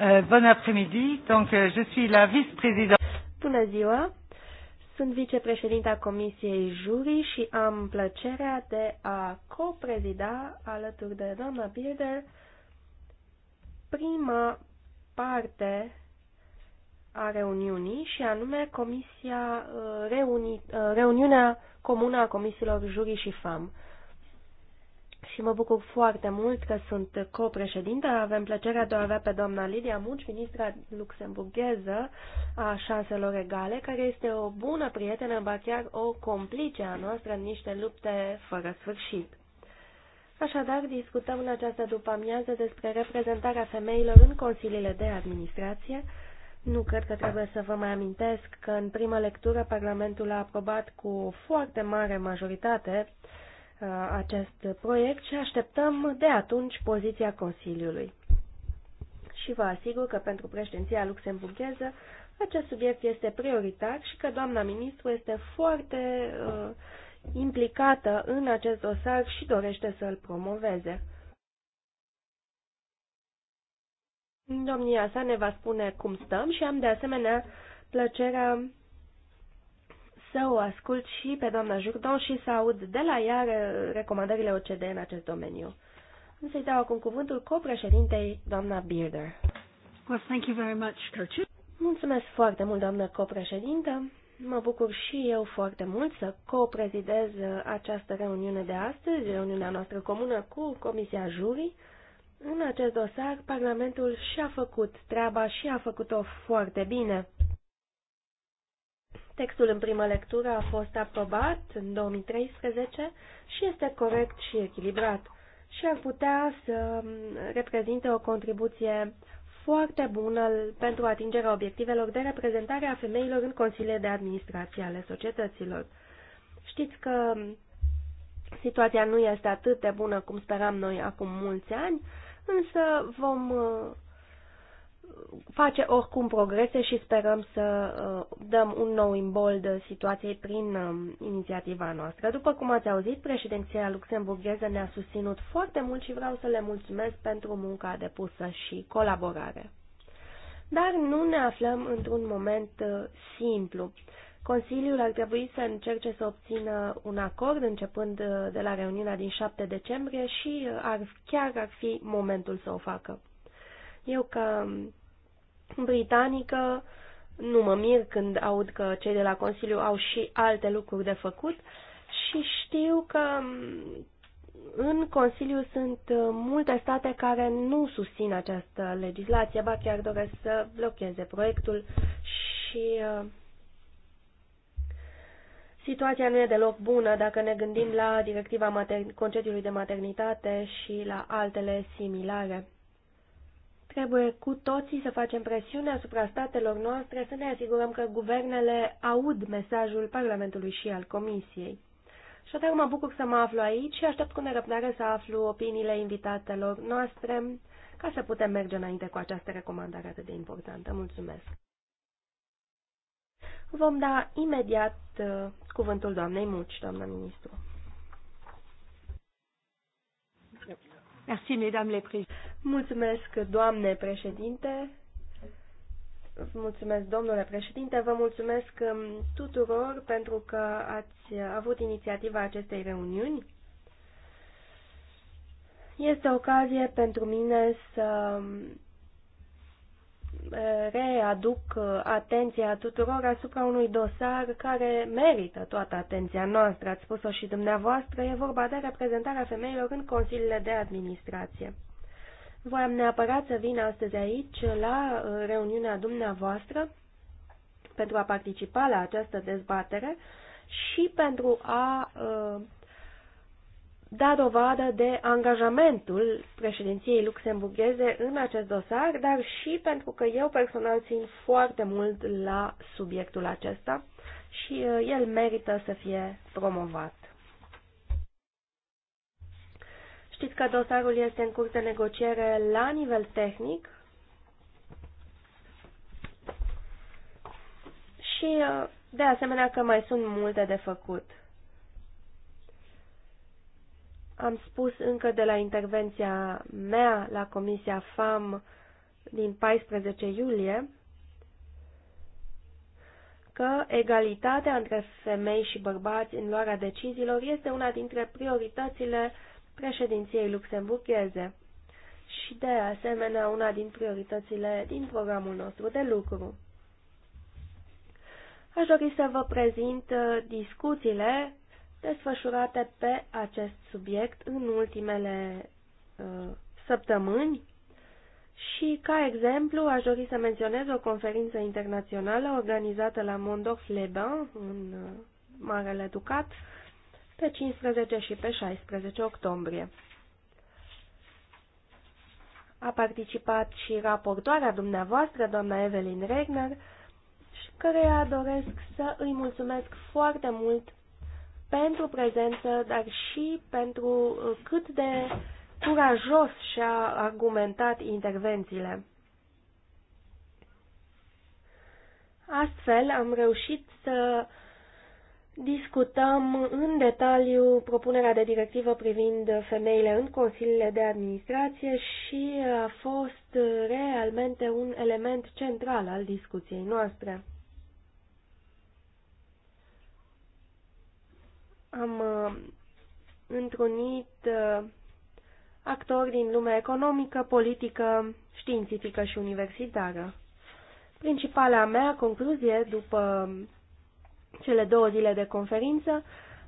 Euh, bon après-midi. Donc, euh, je suis la vice-présidente. Bună ziua! Sunt vicepreședinta Comisiei Juri și am plăcerea de a coprezida alături de doamna Bilder prima parte a reuniunii și anume comisia, uh, reuni, uh, reuniunea comună a comisiilor Juri și FAM și mă bucur foarte mult că sunt copreședintă. Avem plăcerea de a avea pe doamna Lidia Munci, ministra luxemburgheză a șanselor egale, care este o bună prietenă, ba chiar o complice a noastră în niște lupte fără sfârșit. Așadar, discutăm în această după-amiază despre reprezentarea femeilor în consiliile de administrație. Nu cred că trebuie să vă mai amintesc că în prima lectură Parlamentul a aprobat cu o foarte mare majoritate uh, Uh, acest proiect și așteptăm de atunci poziția Consiliului. Și vă asigur că pentru președinția luxemburgheză acest subiect este prioritar și că doamna ministru este foarte uh, implicată în acest dosar și dorește să îl promoveze. Domnia sa ne va spune cum stăm și am de asemenea plăcerea să o ascult și pe doamna Jurdon și să aud de la ea recomandările OCD în acest domeniu. Îmi să-i dau acum cuvântul copreședintei, doamna Bearder. Well, thank you very much, Coach. Mulțumesc foarte mult, doamnă copreședintă. Mă bucur și eu foarte mult să coprezidez această reuniune de astăzi, reuniunea noastră comună cu Comisia Jurii. În acest dosar, Parlamentul și-a făcut treaba și a făcut-o foarte bine. Textul în primă lectură a fost aprobat în 2013 și este corect și echilibrat și ar putea să reprezinte o contribuție foarte bună pentru atingerea obiectivelor de reprezentare a femeilor în consiliile de administrație ale societăților. Știți că situația nu este atât de bună cum speram noi acum mulți ani, însă vom face oricum progrese și sperăm să uh, dăm un nou imbold situației prin um, inițiativa noastră. După cum ați auzit, președinția luxemburgheză ne-a susținut foarte mult și vreau să le mulțumesc pentru munca depusă și colaborare. Dar nu ne aflăm într-un moment uh, simplu. Consiliul ar trebui să încerce să obțină un acord începând uh, de la reuniunea din 7 decembrie și ar, chiar ar fi momentul să o facă. Eu ca britanică nu mă mir când aud că cei de la Consiliu au și alte lucruri de făcut și știu că mm, în Consiliu sunt uh, multe state care nu susțin această legislație, ba chiar doresc să blocheze proiectul și uh, situația nu e deloc bună dacă ne gândim la directiva concediului de maternitate și la altele similare. Trebuie cu toții să facem presiune asupra statelor noastre să ne asigurăm că guvernele aud mesajul Parlamentului și al Comisiei. Și atât mă bucur să mă aflu aici și aștept cu nerăbdare să aflu opiniile invitatelor noastre ca să putem merge înainte cu această recomandare atât de importantă. Mulțumesc! Vom da imediat uh, cuvântul doamnei Muci, doamna ministru. Merci, mesdames les Mulțumesc, doamne președinte. Mulțumesc, domnule președinte. Vă mulțumesc um, tuturor pentru că ați avut inițiativa acestei reuniuni. Este ocazie pentru mine să um, readuc atenția tuturor asupra unui dosar care merită toată atenția noastră. Ați spus-o și dumneavoastră, e vorba de reprezentarea femeilor în consiliile de administrație. Voiam neapărat să vin astăzi aici la uh, reuniunea dumneavoastră pentru a participa la această dezbatere și pentru a uh, da dovadă de angajamentul președinției luxemburgheze în acest dosar, dar și pentru că eu personal țin foarte mult la subiectul acesta și uh, el merită să fie promovat. Știți că dosarul este în curs de negociere la nivel tehnic și, uh, de asemenea, că mai sunt multe de făcut. Am spus încă de la intervenția mea la Comisia FAM din 14 iulie că egalitatea între femei și bărbați în luarea deciziilor este una dintre prioritățile uh, președinției luxemburgheze și, de asemenea, una din prioritățile din programul nostru de lucru. Aș dori să vă prezint uh, discuțiile desfășurate pe acest subiect în ultimele uh, săptămâni și, ca exemplu, aș dori să menționez o conferință internațională organizată la mondorf leban în uh, Marele Ducat, uh, pe 15 și pe 16 octombrie. A participat și raportoarea dumneavoastră, doamna Evelyn Regner, și căreia doresc să îi mulțumesc foarte mult pentru prezență, dar și pentru uh, cât de curajos și-a argumentat intervențiile. Astfel am reușit să discutăm în detaliu propunerea de directivă privind femeile în consiliile de administrație și a fost realmente un element central al discuției noastre. Am uh, întrunit uh, actori din lumea economică, politică, științifică și universitară. Principala mea concluzie după cele două zile de conferință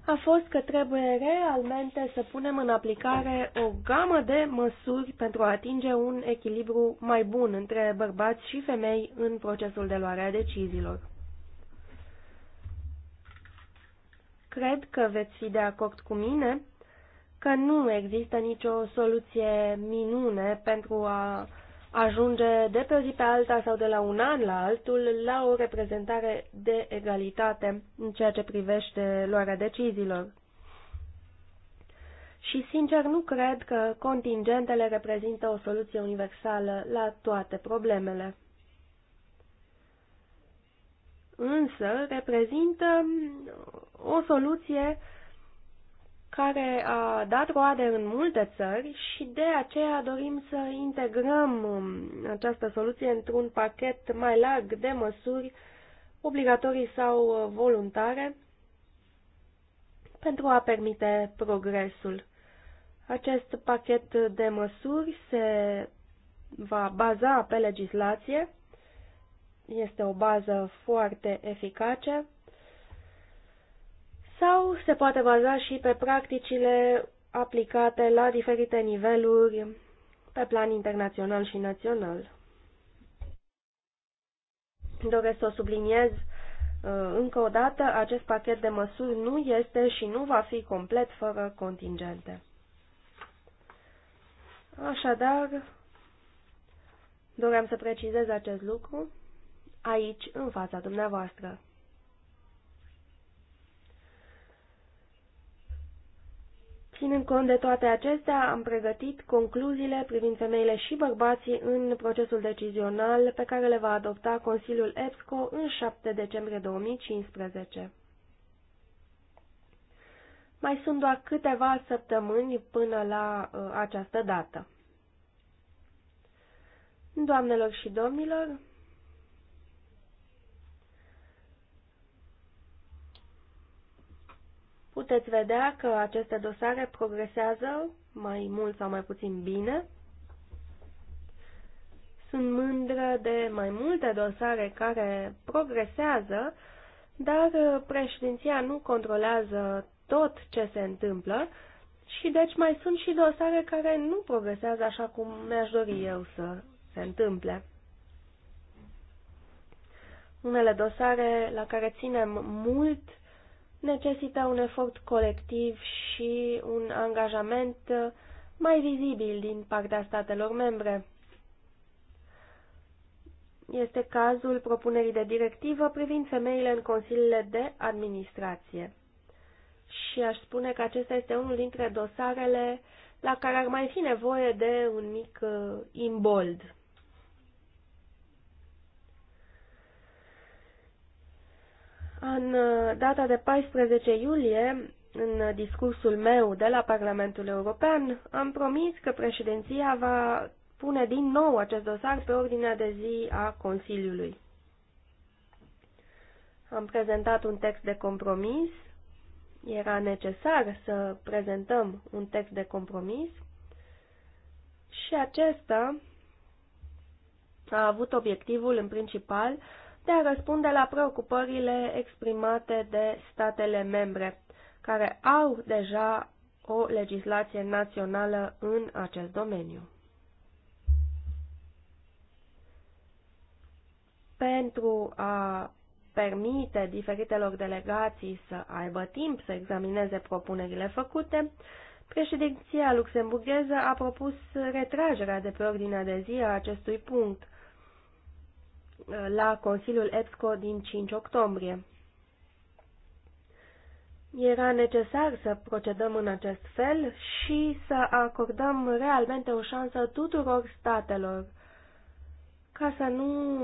a fost că trebuie realmente să punem în aplicare o gamă de măsuri pentru a atinge un echilibru mai bun între bărbați și femei în procesul de luare a deciziilor. Cred că veți fi de acord cu mine că nu există nicio soluție minune pentru a ajunge de pe o zi pe alta sau de la un an la altul la o reprezentare de egalitate în ceea ce privește luarea deciziilor. Și, sincer, nu cred că contingentele reprezintă o soluție universală la toate problemele. Însă, reprezintă o soluție care a dat roade în multe țări și de aceea dorim să integrăm um, această soluție într-un pachet mai larg de măsuri obligatorii sau uh, voluntare pentru a permite progresul. Acest pachet de măsuri se va baza pe legislație, este o bază foarte eficace sau se poate baza și pe practicile aplicate la diferite niveluri pe plan internațional și național. Doresc să o subliniez uh, încă o dată, acest pachet de măsuri nu este și nu va fi complet fără contingente. Așadar, doream să precizez acest lucru aici, în fața dumneavoastră. Ținând cont de toate acestea, am pregătit concluziile privind femeile și bărbații în procesul decizional pe care le va adopta Consiliul EPSCO în 7 decembrie 2015. Mai sunt doar câteva săptămâni până la uh, această dată. Doamnelor și domnilor, puteți vedea că aceste dosare progresează mai mult sau mai puțin bine. Sunt mândră de mai multe dosare care progresează, dar uh, președinția nu controlează tot ce se întâmplă și deci mai sunt și dosare care nu progresează așa cum mi-aș dori eu să se întâmple. Unele dosare la care ținem mult necesită un efort colectiv și un angajament mai vizibil din partea statelor membre. Este cazul propunerii de directivă privind femeile în consiliile de administrație. Și aș spune că acesta este unul dintre dosarele la care ar mai fi nevoie de un mic uh, imbold. În uh, data de 14 iulie, în discursul meu de la Parlamentul European, am promis că președinția va pune din nou acest dosar pe ordinea de zi a Consiliului. Am prezentat un text de compromis. Era necesar să prezentăm un text de compromis și acesta a avut obiectivul în principal de a răspunde la preocupările exprimate de statele membre, care au deja o legislație națională în acest domeniu. Pentru a permite diferitelor delegații să aibă timp să examineze propunerile făcute, președinția luxemburgheză a propus retragerea de pe ordinea de zi a acestui punct – la Consiliul EPSCO din 5 octombrie. Era necesar să procedăm în acest fel și să acordăm realmente o șansă tuturor statelor ca să nu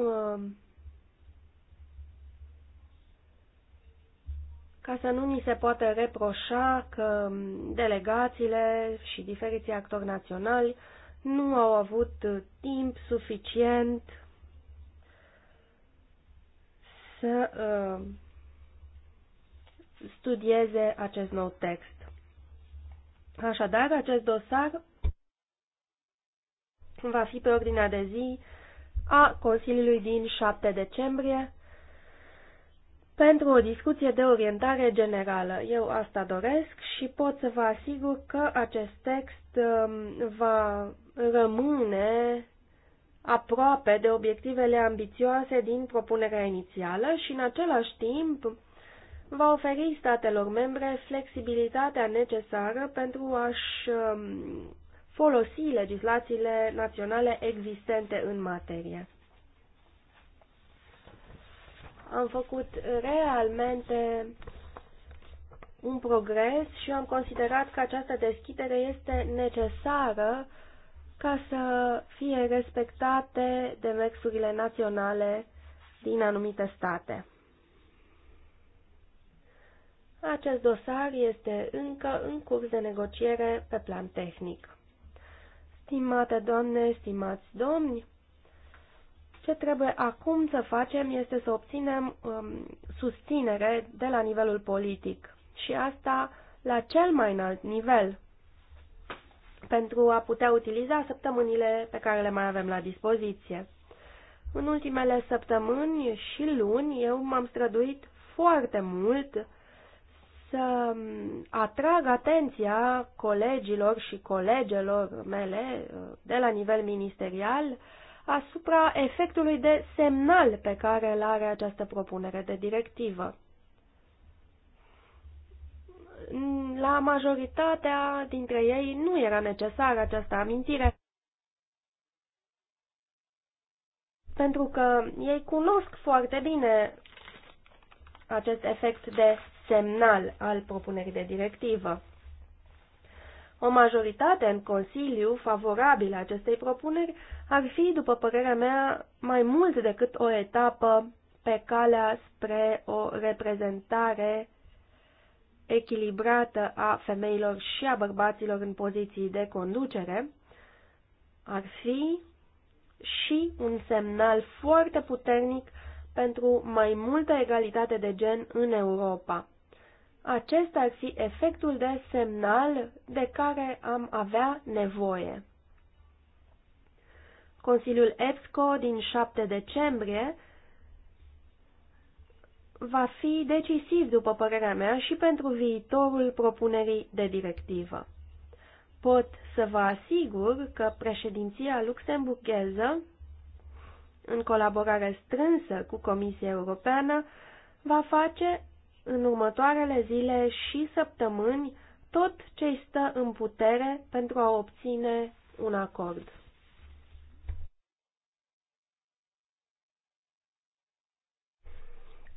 ca să nu ni se poată reproșa că delegațiile și diferiții actori naționali nu au avut timp suficient să uh, studieze acest nou text. Așadar, acest dosar va fi pe ordinea de zi a Consiliului din 7 decembrie pentru o discuție de orientare generală. Eu asta doresc și pot să vă asigur că acest text um, va rămâne aproape de obiectivele ambițioase din propunerea inițială și, în același timp, va oferi statelor membre flexibilitatea necesară pentru a-și um, folosi legislațiile naționale existente în materie. Am făcut realmente un progres și am considerat că această deschidere este necesară uh, ca să fie respectate demersurile naționale din anumite state. Acest dosar este încă în curs de negociere pe plan tehnic. Stimate doamne, stimați domni, ce trebuie acum să facem este să obținem um, susținere de la nivelul politic și asta la cel mai înalt nivel pentru a putea utiliza săptămânile pe care le mai avem la dispoziție. În ultimele săptămâni și luni eu m-am străduit foarte mult să atrag atenția colegilor și colegelor mele de la nivel ministerial asupra efectului de semnal pe care îl are această propunere de directivă. Mm, la majoritatea dintre ei nu era necesară această amintire, pentru că ei cunosc foarte bine acest efect de semnal al propunerii de directivă. O majoritate în Consiliu favorabilă acestei propuneri ar fi, după părerea mea, mai mult decât o etapă pe calea spre o reprezentare echilibrată a femeilor și a bărbaților în poziții de conducere ar fi și un semnal foarte puternic pentru mai multă egalitate de gen în Europa. Acesta ar fi efectul de semnal de care am avea nevoie. Consiliul EPSCO din 7 decembrie va fi decisiv, după părerea mea, și pentru viitorul propunerii de directivă. Pot să vă asigur că președinția luxemburgheză, în colaborare strânsă cu Comisia Europeană, va face în următoarele zile și săptămâni tot ce stă în putere pentru a obține un acord.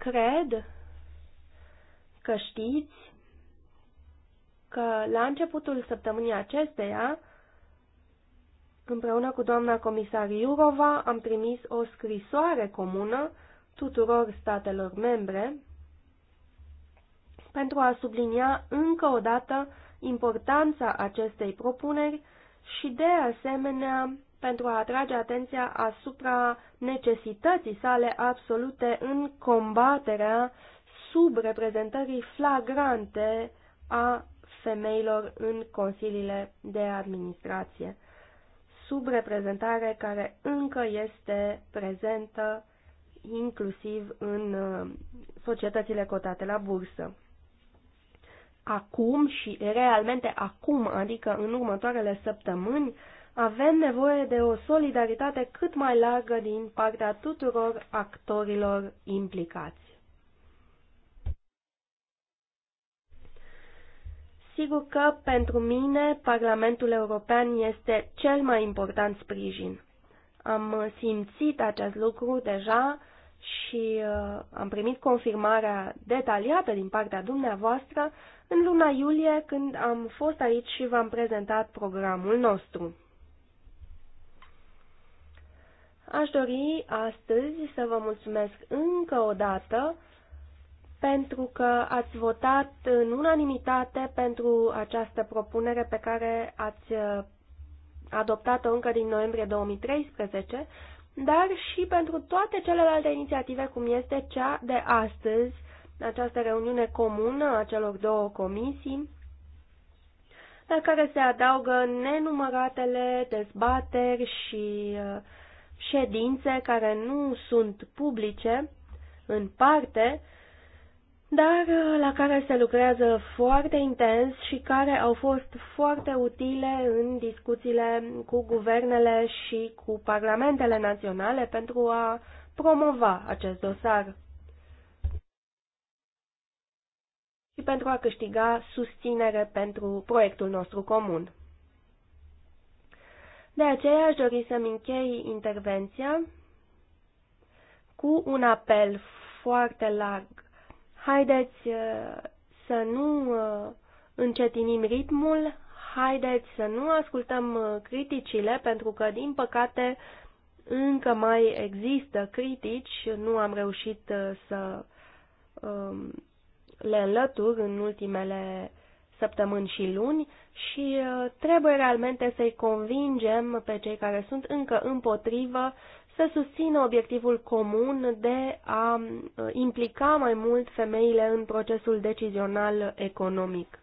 cred că știți că la începutul săptămânii acesteia, împreună cu doamna comisar Iurova, am trimis o scrisoare comună tuturor statelor membre pentru a sublinia încă o dată importanța acestei propuneri și, de asemenea, pentru a atrage atenția asupra necesității sale absolute în combaterea subreprezentării flagrante a femeilor în consiliile de administrație. Subreprezentare care încă este prezentă inclusiv în uh, societățile cotate la bursă. Acum și realmente acum, adică în următoarele săptămâni, avem nevoie de o solidaritate cât mai largă din partea tuturor actorilor implicați. Sigur că pentru mine Parlamentul European este cel mai important sprijin. Am simțit acest lucru deja și uh, am primit confirmarea detaliată din partea dumneavoastră în luna iulie când am fost aici și v-am prezentat programul nostru. Aș dori astăzi să vă mulțumesc încă o dată pentru că ați votat în unanimitate pentru această propunere pe care ați uh, adoptat-o încă din noiembrie 2013, dar și pentru toate celelalte inițiative, cum este cea de astăzi, această reuniune comună a celor două comisii, la care se adaugă nenumăratele dezbateri și uh, ședințe care nu sunt publice, în parte, dar uh, la care se lucrează foarte intens și care au fost foarte utile în discuțiile cu guvernele și cu parlamentele naționale pentru a promova acest dosar și pentru a câștiga susținere pentru proiectul nostru comun. De aceea aș dori să-mi închei intervenția cu un apel foarte larg. Haideți uh, să nu uh, încetinim ritmul, haideți să nu ascultăm uh, criticile, pentru că, din păcate, încă mai există critici, nu am reușit să um, le înlătur în ultimele săptămâni și luni și uh, trebuie realmente să-i convingem pe cei care sunt încă împotrivă să susțină obiectivul comun de a uh, implica mai mult femeile în procesul decizional economic.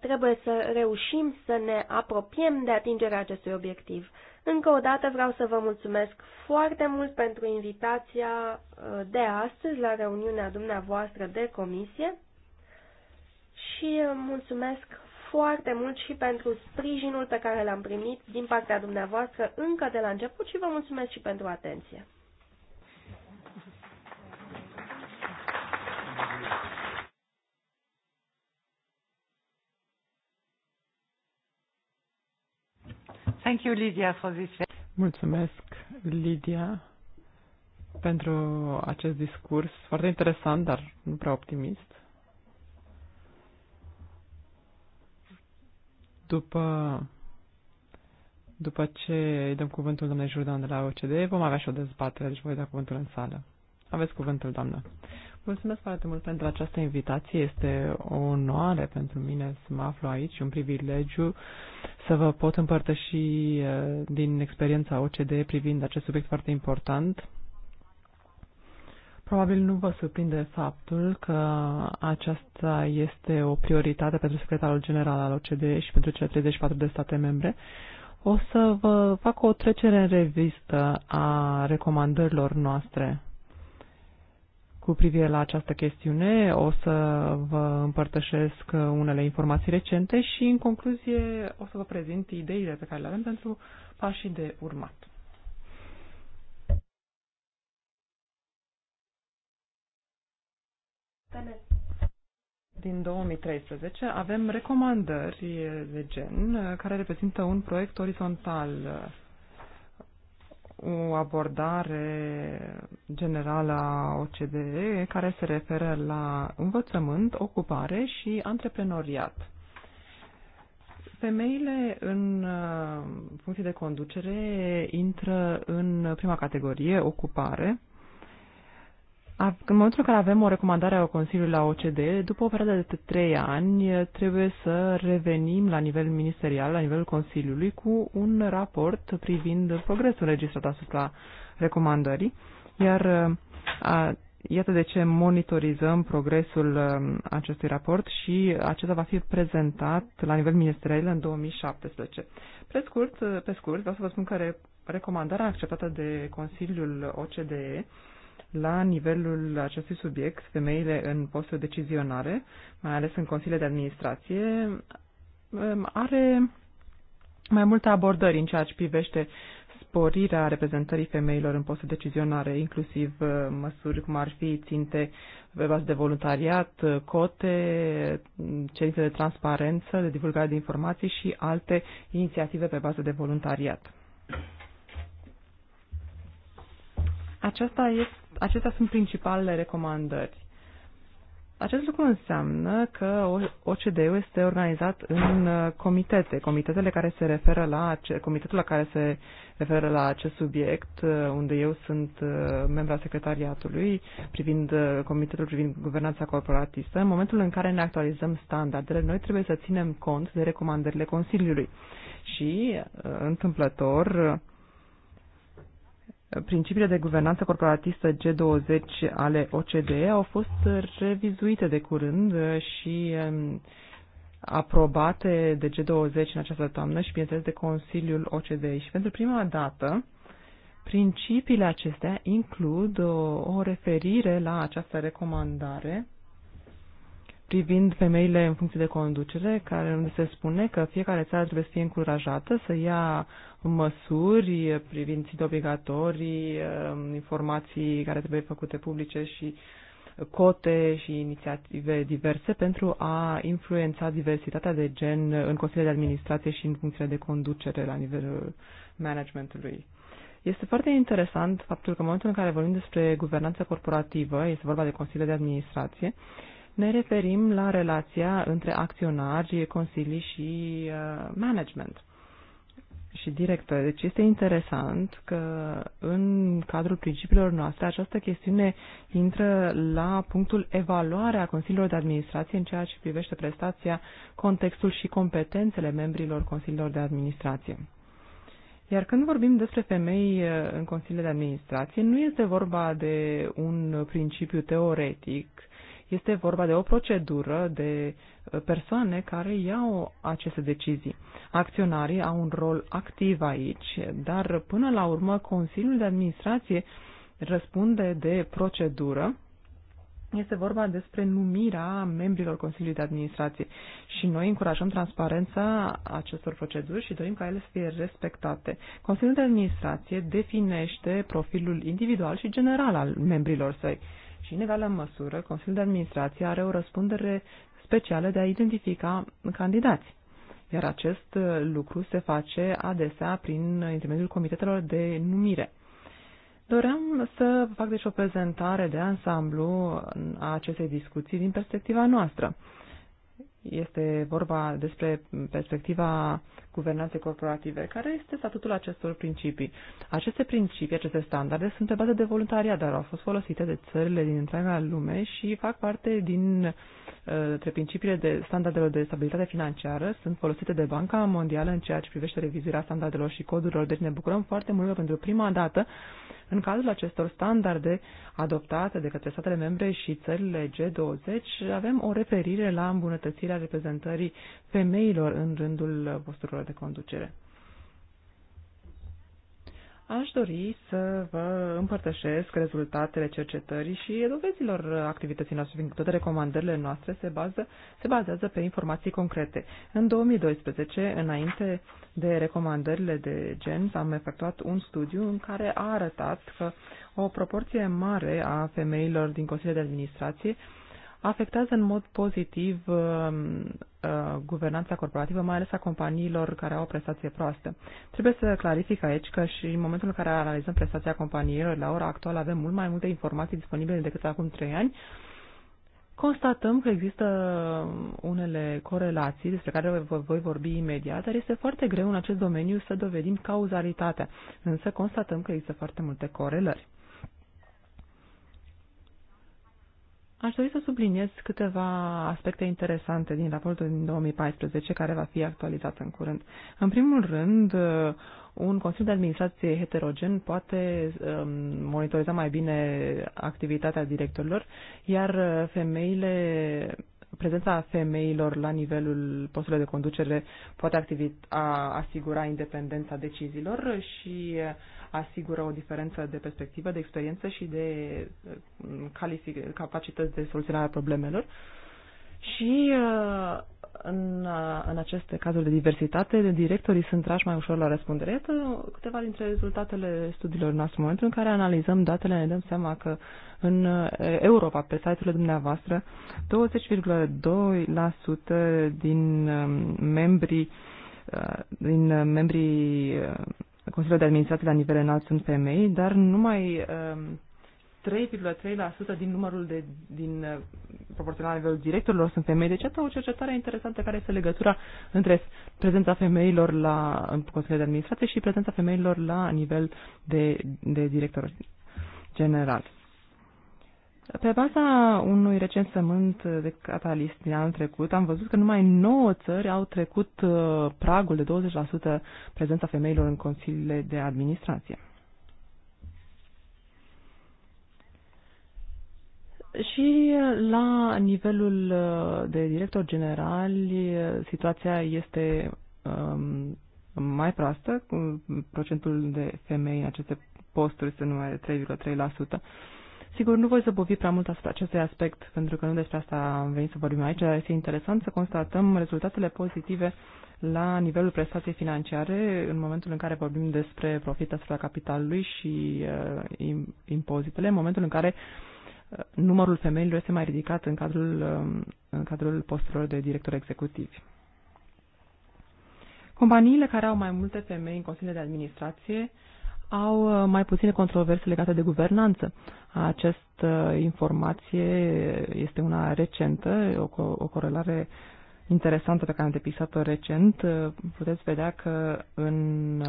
Trebuie să reușim să ne apropiem de atingerea acestui obiectiv. Încă o dată vreau să vă mulțumesc foarte mult pentru invitația uh, de astăzi la reuniunea dumneavoastră de comisie și uh, mulțumesc foarte mult și pentru sprijinul pe care l-am primit din partea dumneavoastră încă de la început și vă mulțumesc și pentru atenție. Thank you, Lydia, for this. Mulțumesc, Lydia, pentru acest discurs foarte interesant, dar nu prea optimist. După, după ce îi dăm cuvântul domnului Jordan de la OCD, vom avea și o dezbatere, deci voi da cuvântul în sală. Aveți cuvântul, doamnă. Mulțumesc foarte mult pentru această invitație. Este o onoare pentru mine să mă aflu aici, un privilegiu să vă pot împărtăși eh, din experiența OCD privind acest subiect foarte important Probabil nu vă surprinde faptul că aceasta este o prioritate pentru secretarul general al OCDE și pentru cele 34 de state membre. O să vă fac o trecere în revistă a recomandărilor noastre cu privire la această chestiune. O să vă împărtășesc unele informații recente și, în concluzie, o să vă prezint ideile pe care le avem pentru pașii de urmat. din 2013 avem recomandări de gen care reprezintă un proiect orizontal, o abordare generală a OCDE care se referă la învățământ, ocupare și antreprenoriat. Femeile în uh, funcție de conducere intră în prima categorie, ocupare, în momentul în care avem o recomandare a Consiliului la OCD, după o perioadă de trei ani, trebuie să revenim la nivel ministerial, la nivelul Consiliului, cu un raport privind progresul registrat asupra recomandării. Iar a, iată de ce monitorizăm progresul acestui raport și acesta va fi prezentat la nivel ministerial în 2017. Pe scurt, pe scurt vreau să vă spun că recomandarea acceptată de Consiliul OCDE la nivelul acestui subiect, femeile în posturi decizionare, mai ales în consiliile de administrație, um, are mai multe abordări în ceea ce privește sporirea reprezentării femeilor în posturi decizionare, inclusiv uh, măsuri cum ar fi ținte pe bază de voluntariat, uh, cote, cerințe de transparență, de divulgare de informații și alte inițiative pe bază de voluntariat. Aceasta este acestea sunt principalele recomandări. Acest lucru înseamnă că OCDE-ul este organizat în uh, comitete, comitetele care se referă la comitetul la care se referă la acest subiect, uh, unde eu sunt uh, membra secretariatului privind comitetul privind guvernanța corporatistă. În momentul în care ne actualizăm standardele, noi trebuie să ținem cont de recomandările Consiliului. Și întâmplător Principiile de guvernanță corporatistă G20 ale OCDE au fost revizuite de curând uh, și um, aprobate de G20 în această toamnă și, bineînțeles, de Consiliul OCDE. Și pentru prima dată, principiile acestea includ o, o referire la această recomandare privind femeile în funcție de conducere, care unde se spune că fiecare țară trebuie să fie încurajată să ia măsuri privind ținte obligatorii, um, informații care trebuie făcute publice și cote și inițiative diverse pentru a influența diversitatea de gen în consiliile de administrație și în funcție de conducere la nivelul managementului. Este foarte interesant faptul că în momentul în care vorbim despre guvernanță corporativă, este vorba de consiliile de administrație, ne referim la relația între acționari, consilii și uh, management și director. Deci este interesant că în cadrul principiilor noastre această chestiune intră la punctul evaluarea Consiliilor de Administrație în ceea ce privește prestația, contextul și competențele membrilor Consiliilor de Administrație. Iar când vorbim despre femei uh, în Consiliile de Administrație, nu este vorba de un principiu teoretic, este vorba de o procedură de uh, persoane care iau aceste decizii. Acționarii au un rol activ aici, dar până la urmă Consiliul de Administrație răspunde de procedură este vorba despre numirea membrilor Consiliului de Administrație și noi încurajăm transparența acestor proceduri și dorim ca ele să fie respectate. Consiliul de Administrație definește profilul individual și general al membrilor săi. Și, în egală măsură, Consiliul de Administrație are o răspundere specială de a identifica candidați. Iar acest uh, lucru se face adesea prin intermediul comitetelor de numire. Doream să fac deci o prezentare de ansamblu a acestei discuții din perspectiva noastră. Este vorba despre perspectiva guvernanței corporative. Care este statutul acestor principii? Aceste principii, aceste standarde sunt pe bază de voluntariat, dar au fost folosite de țările din întreaga lume și fac parte din uh, între principiile de standardelor de stabilitate financiară sunt folosite de Banca Mondială în ceea ce privește revizuirea standardelor și codurilor, deci ne bucurăm foarte mult pentru prima dată în cazul acestor standarde adoptate de către statele membre și țările G20, avem o referire la îmbunătățirea reprezentării femeilor în rândul posturilor de conducere. Aș dori să vă împărtășesc rezultatele cercetării și dovezilor activității noastre, fiindcă toate recomandările noastre se, bază, se bazează pe informații concrete. În 2012, înainte de recomandările de gen, am efectuat un studiu în care a arătat că o proporție mare a femeilor din Consiliul de Administrație uh, afectează în mod pozitiv uh, uh, guvernanța corporativă, mai ales a companiilor care au o prestație proastă. Trebuie să clarific aici că și în momentul în care analizăm prestația companiilor, la ora actuală avem mult mai multe informații disponibile decât acum trei ani, constatăm că există unele corelații despre care vă voi vorbi imediat, dar este foarte greu în acest domeniu să dovedim cauzalitatea, însă constatăm că există foarte multe corelări. Aș dori să subliniez câteva aspecte interesante din raportul din 2014 care va fi actualizat în curând. În primul rând, un Consiliu de Administrație heterogen poate um, monitoriza mai bine activitatea directorilor, iar femeile prezența femeilor la nivelul posturilor de conducere poate activit, a, asigura independența deciziilor și asigură o diferență de perspectivă, de experiență și de uh, capacități de soluționare a problemelor. Și uh, în, uh, în aceste cazuri de diversitate, directorii sunt trași mai ușor la răspundere. Iată câteva dintre rezultatele studiilor noastre. În momentul în care analizăm datele, ne dăm seama că în Europa, pe site-urile dumneavoastră, 20,2% din membrii din membrii Consiliul de Administrație la nivel înalt sunt femei, dar numai 3,3% um, din numărul de, din uh, proporțional la nivelul directorilor sunt femei. Deci asta o cercetare interesantă care este legătura între prezența femeilor la Consiliul de Administrație și prezența femeilor la nivel de, de director general. Pe baza unui recensământ de catalist din anul trecut, am văzut că numai 9 țări au trecut uh, pragul de 20% prezența femeilor în consiliile de administrație. Și uh, la nivelul uh, de director general, situația este um, mai proastă, cu procentul de femei în aceste posturi este numai de 3,3%. Sigur, nu voi zăbovi prea mult asupra acestui aspect, pentru că nu despre asta am venit să vorbim aici, dar este interesant să constatăm rezultatele pozitive la nivelul prestației financiare în momentul în care vorbim despre profit asupra capitalului și uh, impozitele, în momentul în care uh, numărul femeilor este mai ridicat în cadrul, uh, în cadrul posturilor de director executiv. Companiile care au mai multe femei în consiliile de administrație uh, au uh, mai puține controverse legate de guvernanță. Această uh, informație este una recentă, o, o corelare interesantă pe care am depisat-o recent. Uh, puteți vedea că în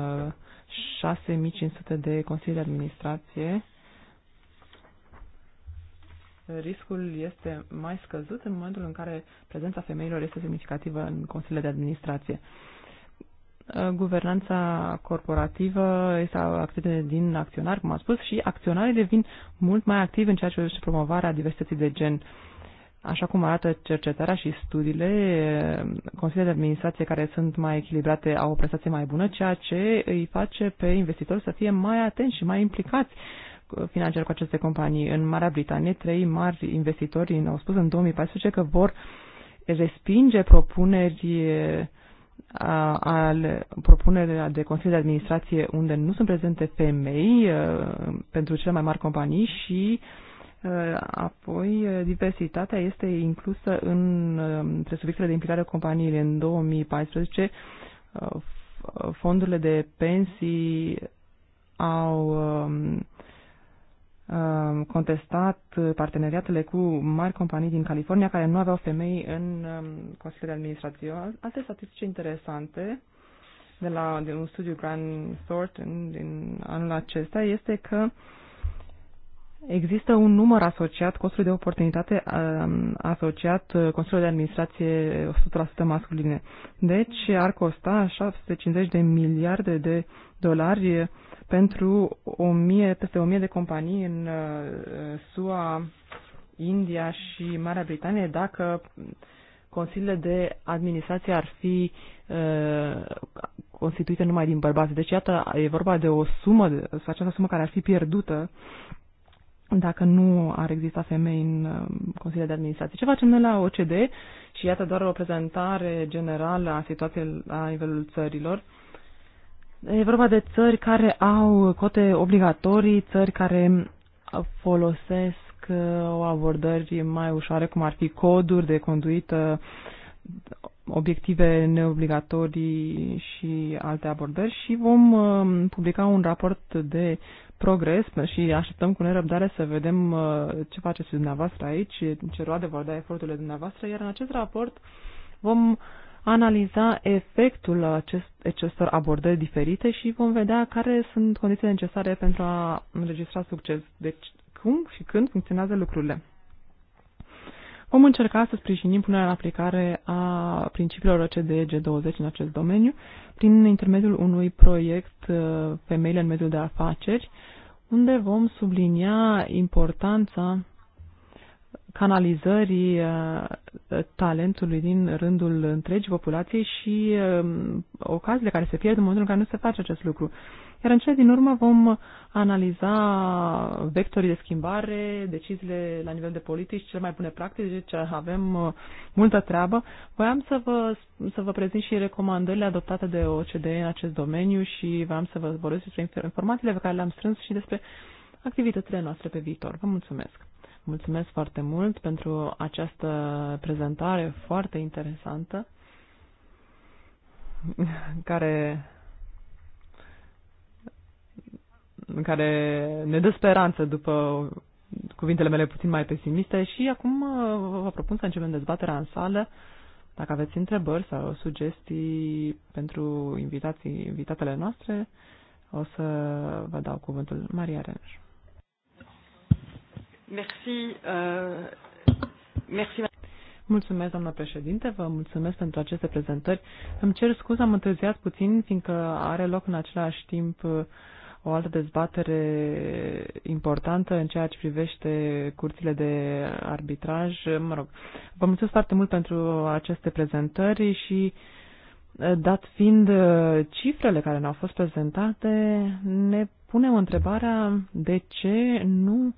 6500 de consilii de administrație riscul este mai scăzut în momentul în care prezența femeilor este semnificativă în consiliile de administrație. Uh, Uh, guvernanța corporativă este activă din acționari, cum am spus, și acționarii devin mult mai activi în ceea ce privește promovarea diversității de gen. Așa cum arată cercetarea și studiile, consiliile de administrație care sunt mai echilibrate au o prestație mai bună, ceea ce îi face pe investitori să fie mai atenți și mai implicați financiar cu aceste companii. În Marea Britanie, trei mari investitori au spus în 2014 că vor respinge propuneri al propunerea de Consiliu de Administrație unde nu sunt prezente femei pentru cele mai mari companii și apoi diversitatea este inclusă în subiectele de implicare a companiile. În 2014 fondurile de pensii au contestat parteneriatele cu mari companii din California care nu aveau femei în um, Consiliul de Administrație. Alte statistici interesante de la de un studiu Grand Thornton din anul acesta este că există un număr asociat, costul de oportunitate um, asociat uh, Consiliul de Administrație 100% masculine. Deci ar costa 750 de miliarde de dolari pentru o mie peste o mie de companii în uh, SUA, India și Marea Britanie dacă consiliile de administrație ar fi uh, constituite numai din bărbați. Deci, iată, e vorba de o sumă, de, această sumă care ar fi pierdută dacă nu ar exista femei în uh, Consiliul de Administrație. Ce facem noi la OCD? Și iată doar o prezentare generală a situației la nivelul țărilor. Uh, E vorba de țări care au cote obligatorii, țări care folosesc uh, o abordări mai ușoare, cum ar fi coduri de conduită, obiective neobligatorii și alte abordări și vom uh, publica un raport de progres și așteptăm cu nerăbdare să vedem uh, ce faceți dumneavoastră aici, ce roade vor da eforturile dumneavoastră, iar în acest raport vom analiza efectul acest, acestor abordări diferite și vom vedea care sunt condițiile necesare pentru a înregistra succes. Deci, cum și când funcționează lucrurile. Vom încerca să sprijinim punerea în aplicare a principiilor OCDE G20 în acest domeniu prin intermediul unui proiect Femeile uh, în mediul de afaceri, unde vom sublinia importanța canalizării uh, talentului din rândul întregii populației și um, ocaziile care se pierd în momentul în care nu se face acest lucru. Iar în cele din urmă vom analiza vectorii de schimbare, deciziile la nivel de politici, cele mai bune practici, deci avem uh, multă treabă. Voiam să vă, să vă prezint și recomandările adoptate de OCDE în acest domeniu și voiam să vă vorbesc despre informațiile pe care le-am strâns și despre activitățile noastre pe viitor. Vă mulțumesc! mulțumesc foarte mult pentru această prezentare foarte interesantă care care ne dă speranță după cuvintele mele puțin mai pesimiste și acum uh, vă propun să începem dezbaterea în sală. Dacă aveți întrebări sau sugestii pentru invitații, invitatele noastre, o să vă dau cuvântul Maria Renș. Merci, euh, merci. Mulțumesc, doamnă președinte, vă mulțumesc pentru aceste prezentări. Îmi cer scuze, am întârziat puțin, fiindcă are loc în același timp uh, o altă dezbatere importantă în ceea ce privește curțile de arbitraj. Mă rog, vă mulțumesc foarte mult pentru aceste prezentări și uh, dat fiind uh, cifrele care ne-au fost prezentate, ne punem întrebarea de ce nu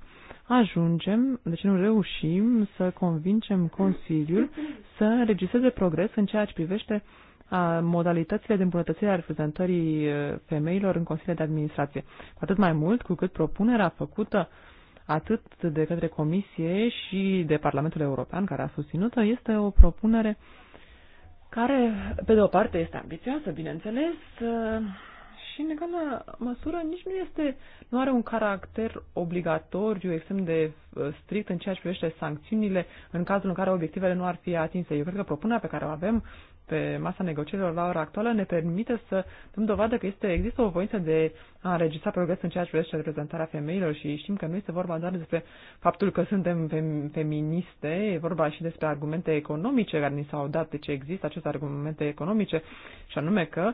ajungem, deci nu reușim să convingem Consiliul să înregistreze progres în ceea ce privește a modalitățile de îmbunătățire a reprezentării femeilor în Consiliul de Administrație. Cu atât mai mult cu cât propunerea făcută atât de către Comisie și de Parlamentul European, care a susținut-o, este o propunere care, pe de o parte, este ambițioasă, bineînțeles, și în egală măsură nici nu este, nu are un caracter obligatoriu, extrem de uh, strict în ceea ce privește sancțiunile în cazul în care obiectivele nu ar fi atinse. Eu cred că propunerea pe care o avem pe masa negocierilor la ora actuală ne permite să dăm dovadă că este, există o voință de a înregistra progres în ceea ce privește reprezentarea femeilor și știm că nu este vorba doar despre faptul că suntem fem- feministe, e vorba și despre argumente economice care ni s-au dat, de ce există aceste argumente economice și anume că uh,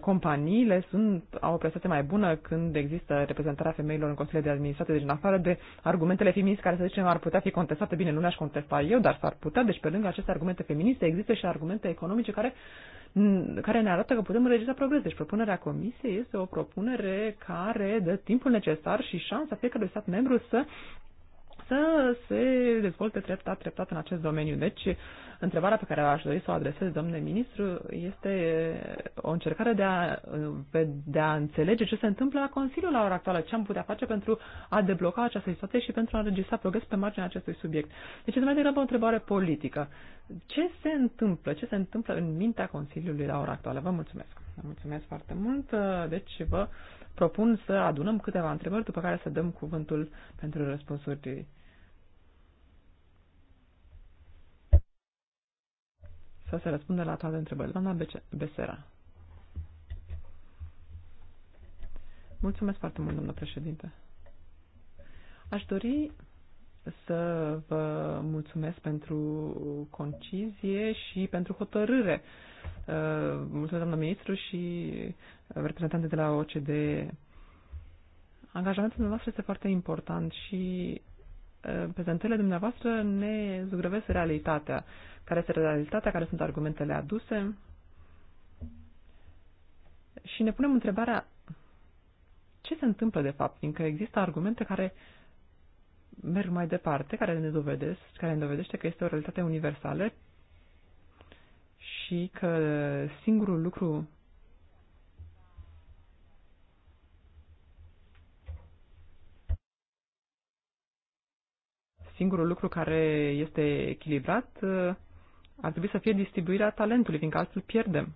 companiile sunt, au o prestație mai bună când există reprezentarea femeilor în consiliile de administrație, deci în afară de argumentele feministe care, să zicem, ar putea fi contestate, bine, nu le-aș contesta eu, dar s-ar putea, deci pe lângă aceste argumente feministe există și argumente economice care, care ne arată că putem înregistra progres. Deci propunerea comisiei este o propunere care dă timpul necesar și șansa fiecărui stat membru să să se dezvolte treptat, treptat în acest domeniu. Deci, întrebarea pe care aș dori să o adresez, domnule ministru, este o încercare de a, de a înțelege ce se întâmplă la Consiliu la ora actuală, ce am putea face pentru a debloca această situație și pentru a înregistra progres pe marginea acestui subiect. Deci, este mai degrabă o întrebare politică. Ce se întâmplă? Ce se întâmplă în mintea Consiliului la ora actuală? Vă mulțumesc. Vă mulțumesc foarte mult. Deci, vă propun să adunăm câteva întrebări, după care să dăm cuvântul pentru răspunsuri să se răspundă la toate întrebările. Doamna Besera. Mulțumesc foarte mult, domnule președinte. Aș dori să vă mulțumesc pentru concizie și pentru hotărâre. Uh, mulțumesc, doamna ministru și reprezentante de la OCDE. Angajamentul nostru este foarte important și Uh, prezentările dumneavoastră ne zugrăvesc realitatea. Care este realitatea, care sunt argumentele aduse? Și ne punem întrebarea ce se întâmplă de fapt, fiindcă există argumente care merg mai departe, care ne dovedesc, care ne dovedește că este o realitate universală și că singurul lucru singurul lucru care este echilibrat uh, ar trebui să fie distribuirea talentului, fiindcă altfel pierdem.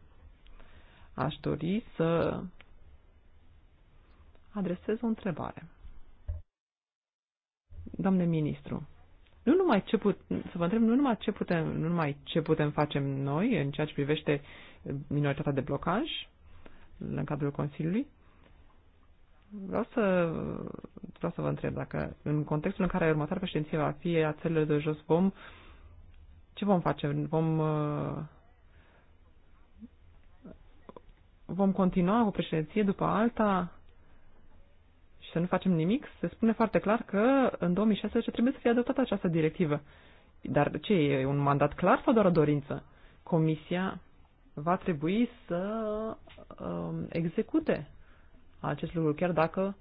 Aș dori să adresez o întrebare. Doamne ministru, nu numai ce put, să vă întreb nu numai ce putem, nu numai ce putem face noi în ceea ce privește minoritatea de blocaj în cadrul Consiliului, Vreau să, vreau să vă întreb dacă în contextul în care următoarea președinție va fi a țărilor de jos, vom, ce vom face? Vom, uh, vom continua cu președinție după alta și să nu facem nimic? Se spune foarte clar că în 2016 trebuie să fie adoptată această directivă. Dar ce e? Un mandat clar sau doar o dorință? Comisia va trebui să um, execute acest lucru, chiar dacă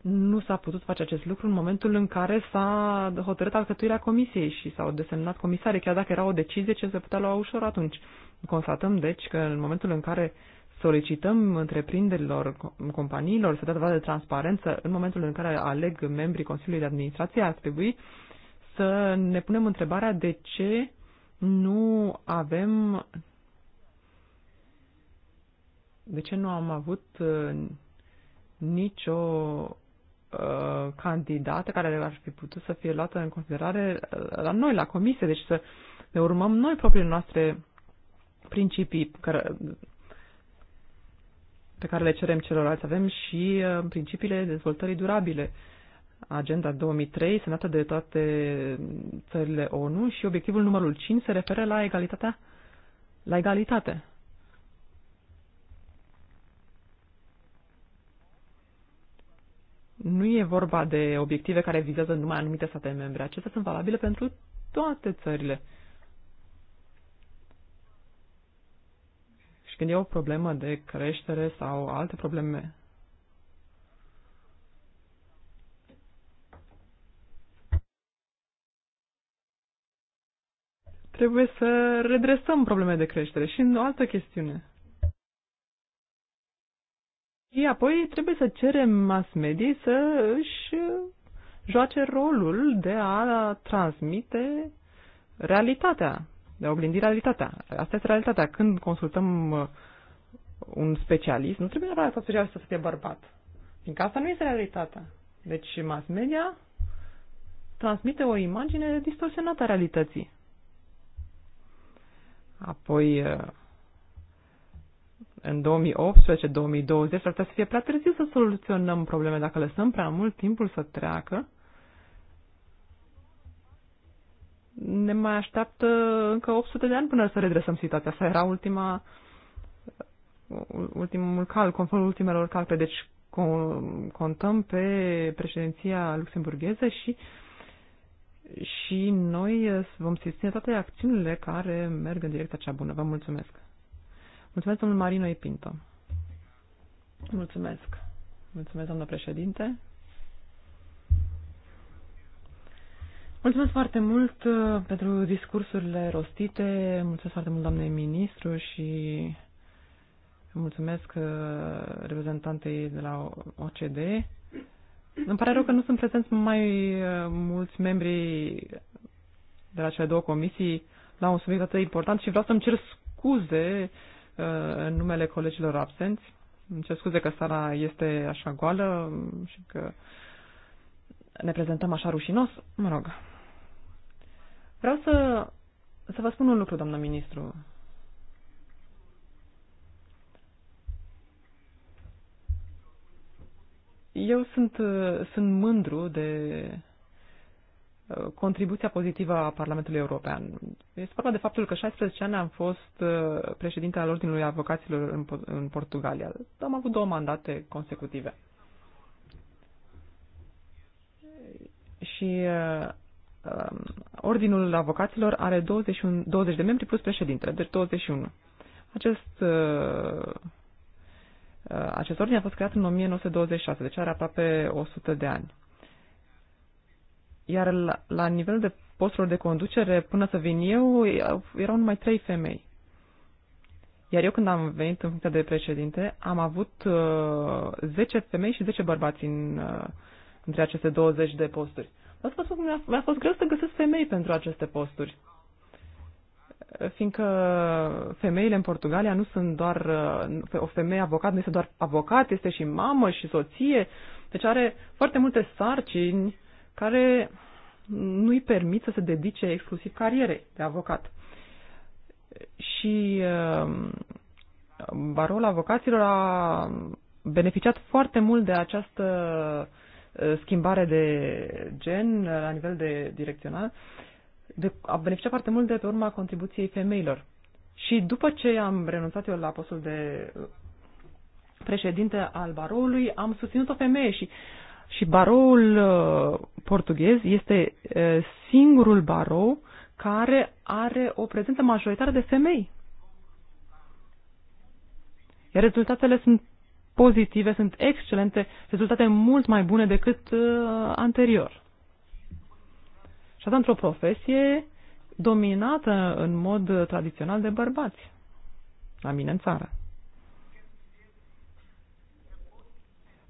nu s-a putut face acest lucru în momentul în care s-a hotărât alcătuirea comisiei și s-au desemnat comisare, chiar dacă era o decizie ce se putea lua ușor atunci. Constatăm, deci, că în momentul în care solicităm întreprinderilor, companiilor să dea dovadă de transparență, în momentul în care aleg membrii Consiliului de Administrație, ar trebui să ne punem întrebarea de ce nu avem de ce nu am avut uh, nicio uh, candidată care ar fi putut să fie luată în considerare uh, la noi, la comisie, deci să ne urmăm noi propriile noastre principii care, pe care le cerem celorlalți. Avem și principiile dezvoltării durabile. Agenda 2003, semnată de toate țările ONU și obiectivul numărul 5 se referă la egalitatea la egalitate. nu e vorba de obiective care vizează numai anumite state membre. Acestea sunt valabile pentru toate țările. Și când e o problemă de creștere sau alte probleme trebuie să redresăm probleme de creștere. Și în o altă chestiune. Și apoi trebuie să cerem mass media să își joace rolul de a transmite realitatea, de a oglindi realitatea. Asta este realitatea. Când consultăm uh, un specialist, nu trebuie neapărat ca să fie bărbat. Fiindcă asta nu este realitatea. Deci mass media transmite o imagine distorsionată a realității. Apoi, uh, în 2018-2020 ar putea să fie prea târziu să soluționăm probleme. Dacă lăsăm prea mult timpul să treacă, ne mai așteaptă încă 800 de ani până să redresăm situația. Asta era ultima, ultimul cal, conform ultimelor calcule. Deci contăm pe președinția luxemburgheză și și noi vom susține toate acțiunile care merg în direcția cea bună. Vă mulțumesc! Mulțumesc, domnul Marino Pinto. Mulțumesc. Mulțumesc, doamnă președinte. Mulțumesc foarte mult uh, pentru discursurile rostite, mulțumesc foarte mult doamnei ministru și mulțumesc uh, reprezentantei de la OCD. Îmi pare rău că nu sunt prezenți mai uh, mulți membri de la cele două comisii la un subiect atât de important și vreau să-mi cer scuze uh, în numele colegilor absenți. Îmi cer scuze că sala este așa goală și că ne prezentăm așa rușinos. Mă rog. Vreau să, să vă spun un lucru, doamnă ministru. Eu sunt, sunt mândru de contribuția pozitivă a Parlamentului European. Este vorba de faptul că 16 ani am fost uh, președinte al Ordinului Avocaților în, în Portugalia. Am avut două mandate consecutive. Și uh, um, Ordinul Avocaților are 21, 20 de membri plus președintele, deci 21. Acest, uh, uh, acest ordin a fost creat în 1926, deci are aproape 100 de ani. Iar la, la nivel de posturi de conducere, până să vin eu, erau numai trei femei. Iar eu când am venit în funcția de președinte, am avut uh, 10 femei și 10 bărbați în, uh, între aceste 20 de posturi. mi-a, mi-a fost greu să găsesc femei pentru aceste posturi. Fiindcă femeile în Portugalia nu sunt doar, uh, o femeie avocat nu este doar avocat, este și mamă și soție, deci are foarte multe sarcini care nu-i permit să se dedice exclusiv carierei de avocat. Și um, barul avocaților a beneficiat foarte mult de această uh, schimbare de gen uh, la nivel de direcțional, de, a beneficiat foarte mult de pe urma contribuției femeilor. Și după ce am renunțat eu la postul de uh, președinte al baroului, am susținut o femeie și și baroul uh, portughez este uh, singurul barou care are o prezență majoritară de femei. Iar rezultatele sunt pozitive, sunt excelente, rezultate mult mai bune decât uh, anterior. Și asta într-o profesie dominată în mod uh, tradițional de bărbați, la mine în țară.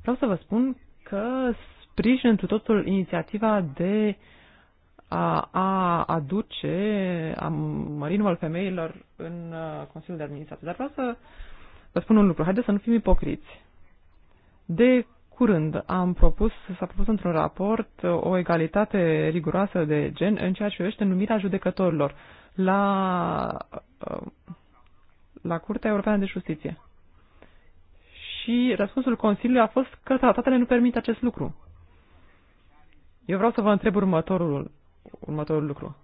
Vreau să vă spun că sprijin întru totul inițiativa de a, a aduce a mări numărul femeilor în uh, Consiliul de Administrație. Dar vreau să vă spun un lucru. Haideți să nu fim ipocriți. De curând am propus, s-a propus într-un raport o egalitate riguroasă de gen în ceea ce privește numirea judecătorilor la, uh, la Curtea Europeană de Justiție și răspunsul Consiliului a fost că tratatele nu permit acest lucru. Eu vreau să vă întreb următorul, următorul lucru.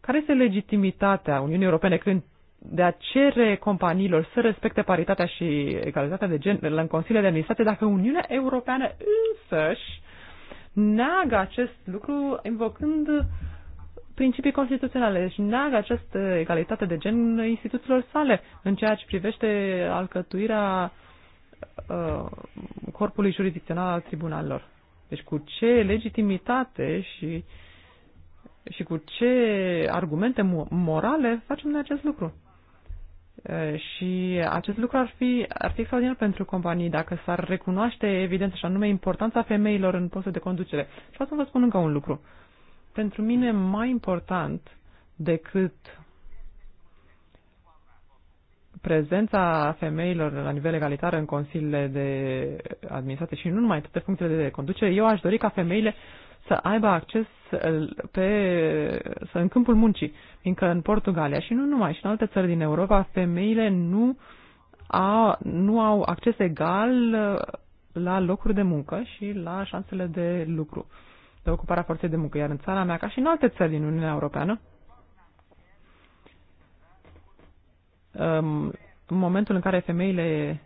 Care este legitimitatea Uniunii Europene când de a cere companiilor să respecte paritatea și egalitatea de gen în Consiliul de Administrație dacă Uniunea Europeană însăși neagă acest lucru invocând principii constituționale, deci neagă această egalitate de gen instituțiilor sale în ceea ce privește alcătuirea Uh, corpului jurisdicțional al tribunalelor. Deci cu ce legitimitate și, și cu ce argumente morale facem noi acest lucru? Uh, și acest lucru ar fi, ar fi extraordinar pentru companii dacă s-ar recunoaște evident și anume importanța femeilor în postul de conducere. Și o să vă spun încă un lucru. Pentru mine mai important decât prezența femeilor la nivel egalitar în consiliile de administrație și nu numai toate funcțiile de conducere, eu aș dori ca femeile să aibă acces pe, să, în câmpul muncii, fiindcă în Portugalia și nu numai, și în alte țări din Europa, femeile nu, a, nu au acces egal la locuri de muncă și la șansele de lucru, de ocuparea forței de muncă. Iar în țara mea, ca și în alte țări din Uniunea Europeană, în momentul în care femeile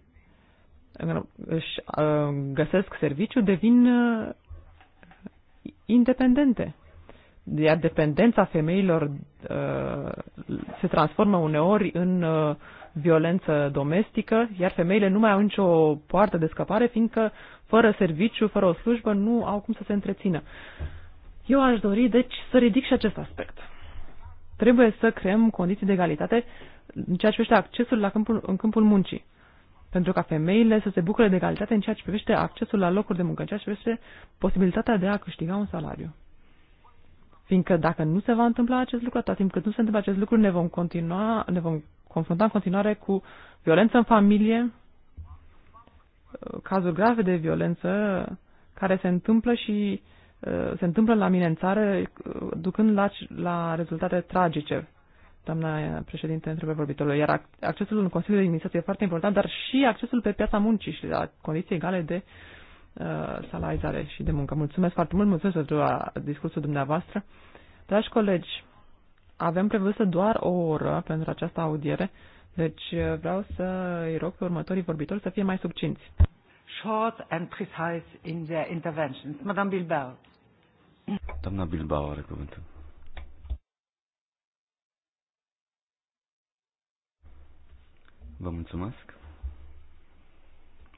își uh, găsesc serviciu, devin uh, independente. Iar dependența femeilor uh, se transformă uneori în violență domestică, iar femeile nu mai au nicio poartă de scăpare, fiindcă fără serviciu, fără o slujbă, nu au cum să se întrețină. Eu aș dori, deci, să ridic și acest aspect. Trebuie să creăm condiții de egalitate în ceea ce privește accesul la câmpul, în câmpul muncii. Pentru ca femeile să se bucure de egalitate în ceea ce privește accesul la locuri de muncă, în ceea ce privește posibilitatea de a câștiga un salariu. Fiindcă dacă nu se va întâmpla acest lucru, atât timp cât nu se întâmplă acest lucru, ne vom continua, ne vom confrunta în continuare cu violență în familie, cazuri grave de violență care se întâmplă și Uh, se întâmplă la mine în țară, uh, ducând la, la rezultate tragice. Doamna uh, președinte, întrebă vorbitorul. Iar accesul în Consiliul de Administrație e foarte important, dar și accesul pe piața muncii și la condiții egale de uh, salarizare și de muncă. Mulțumesc foarte mult, mulțumesc pentru discursul dumneavoastră. Dragi colegi, avem prevăzută doar o oră pentru această audiere, deci vreau să îi rog pe următorii vorbitori să fie mai subcinți short and precise in their interventions. Madame Bilbao. Doamna Bilbao are cuvântul. Vă mulțumesc.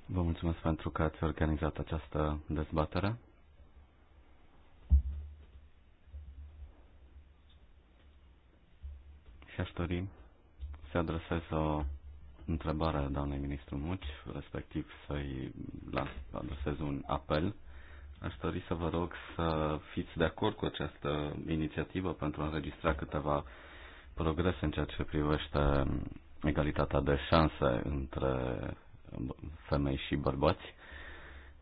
Vă mulțumesc pentru că ați organizat această dezbatere. Și aș dori să adresez o întrebare doamnei ministru Muci, respectiv să-i adresez un apel Aș dori să vă rog să fiți de acord cu această inițiativă pentru a înregistra câteva progrese în ceea ce privește egalitatea de șanse între femei și bărbați.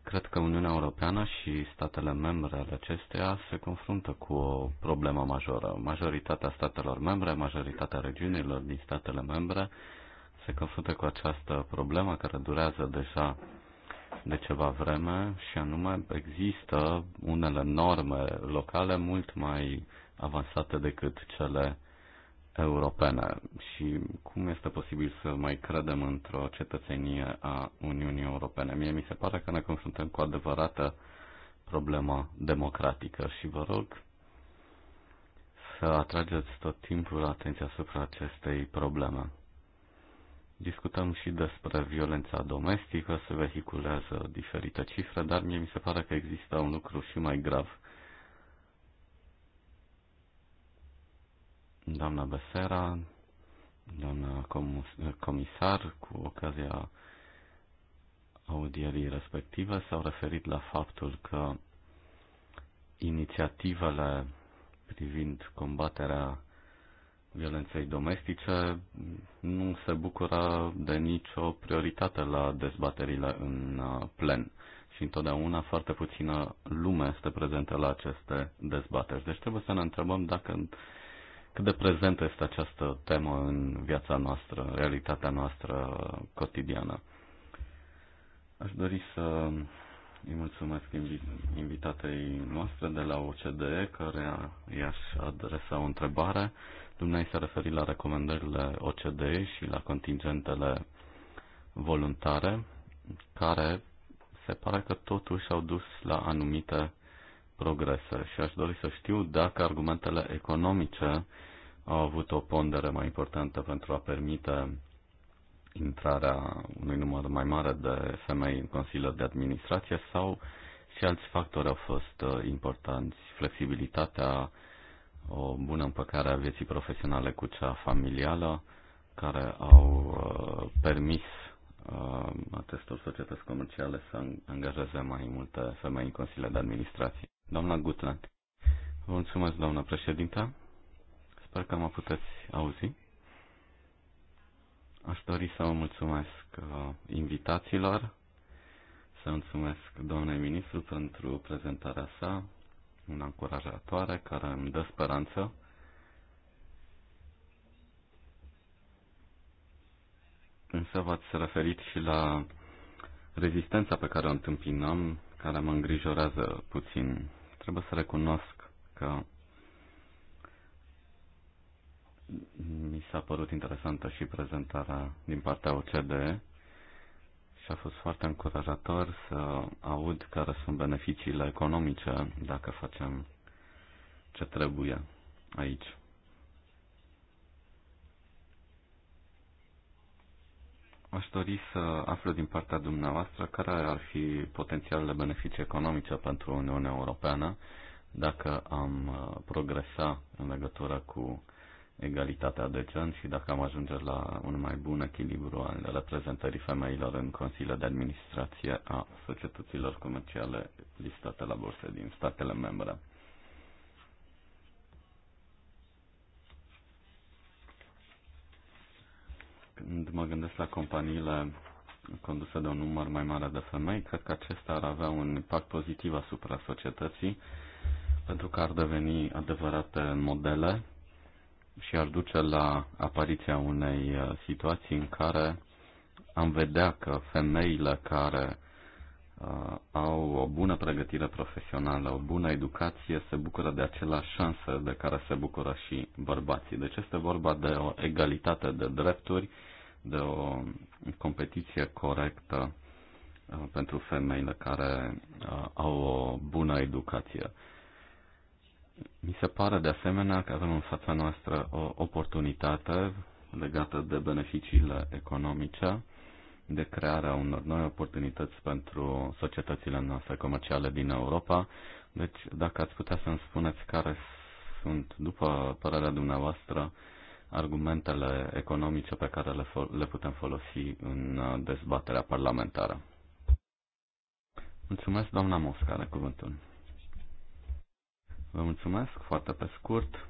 Cred că Uniunea Europeană și statele membre ale acesteia se confruntă cu o problemă majoră. Majoritatea statelor membre, majoritatea regiunilor din statele membre se confruntă cu această problemă care durează deja de ceva vreme și anume există unele norme locale mult mai avansate decât cele europene și cum este posibil să mai credem într-o cetățenie a Uniunii Europene? Mie mi se pare că ne confruntăm cu adevărată problema democratică și vă rog să atrageți tot timpul atenția asupra acestei probleme. Discutăm și despre violența domestică, se vehiculează diferite cifre, dar mie mi se pare că există un lucru și mai grav. Doamna Besera, doamna comisar, cu ocazia audierii respective, s-au referit la faptul că inițiativele privind combaterea violenței domestice nu se bucură de nicio prioritate la dezbaterile în uh, plen. Și întotdeauna foarte puțină lume este prezentă la aceste dezbateri. Deci trebuie să ne întrebăm dacă cât de prezentă este această temă în viața noastră, în realitatea noastră cotidiană. Aș dori să îi mulțumesc invitatei noastre de la OCDE, care i-aș adresa o întrebare. Dumnezeu s-a referit la recomandările OCDE și la contingentele voluntare, care se pare că totuși au dus la anumite progrese și aș dori să știu dacă argumentele economice au avut o pondere mai importantă pentru a permite intrarea unui număr mai mare de femei în Consiliul de Administrație sau și alți factori au fost uh, importanți, flexibilitatea, o bună împăcare a vieții profesionale cu cea familială, care au uh, permis uh, acestor societăți comerciale să angajeze mai multe femei în Consiliul de Administrație. Doamna Gutland. Vă mulțumesc, doamna președinte, Sper că mă puteți auzi. Aș dori să vă mulțumesc uh, invitațiilor, să mulțumesc domnului ministru pentru prezentarea sa, una încurajatoare care îmi dă speranță. Însă v-ați referit și la rezistența pe care o întâmpinăm, care mă îngrijorează puțin. Trebuie să recunosc că mi s-a părut interesantă și prezentarea din partea OCDE și a fost foarte încurajator să aud care sunt beneficiile economice dacă facem ce trebuie aici. Aș dori să aflu din partea dumneavoastră care ar fi potențialele beneficii economice pentru Uniunea Europeană dacă am uh, progresa în legătură cu egalitatea de gen și dacă am ajunge la un mai bun echilibru al reprezentării femeilor în consiliul de administrație a societăților comerciale listate la borse din statele membre. Când mă gândesc la companiile conduse de un număr mai mare de femei, cred că acesta ar avea un impact pozitiv asupra societății, pentru că ar deveni adevărate modele și ar duce la apariția unei uh, situații în care am vedea că femeile care uh, au o bună pregătire profesională, o bună educație, se bucură de aceleași șanse de care se bucură și bărbații. Deci este vorba de o egalitate de drepturi, de o competiție corectă uh, pentru femeile care uh, au o bună educație. Mi se pare de asemenea că avem în fața noastră o oportunitate legată de beneficiile economice, de crearea unor noi oportunități pentru societățile noastre comerciale din Europa. Deci, dacă ați putea să-mi spuneți care sunt, după părerea dumneavoastră, argumentele economice pe care le, fol- le putem folosi în dezbaterea parlamentară. Mulțumesc, doamna Mosca, de cuvântul. Vă mulțumesc foarte pe scurt.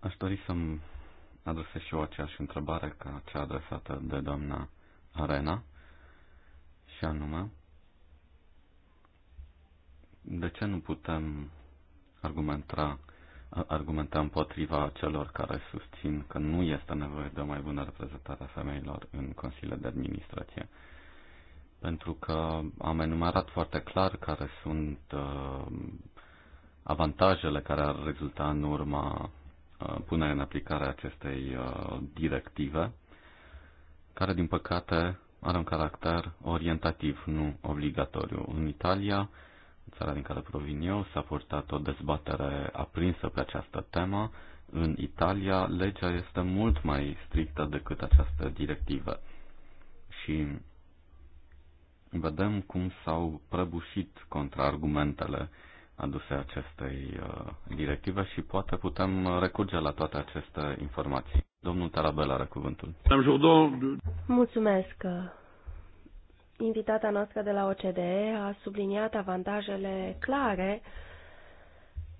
Aș dori să-mi adresez și eu aceeași întrebare ca cea adresată de doamna Arena și anume de ce nu putem argumenta, argumenta împotriva celor care susțin că nu este nevoie de o mai bună reprezentare a femeilor în Consiliul de administrație? pentru că am enumerat foarte clar care sunt uh, avantajele care ar rezulta în urma uh, punerii în aplicare a acestei uh, directive, care, din păcate, are un caracter orientativ, nu obligatoriu. În Italia, țara din care provin eu, s-a purtat o dezbatere aprinsă pe această temă. În Italia, legea este mult mai strictă decât această directivă. Și vedem cum s-au prăbușit contraargumentele aduse acestei uh, directive și poate putem uh, recurge la toate aceste informații. Domnul Tarabel are cuvântul. Mulțumesc. Invitata noastră de la OCDE a subliniat avantajele clare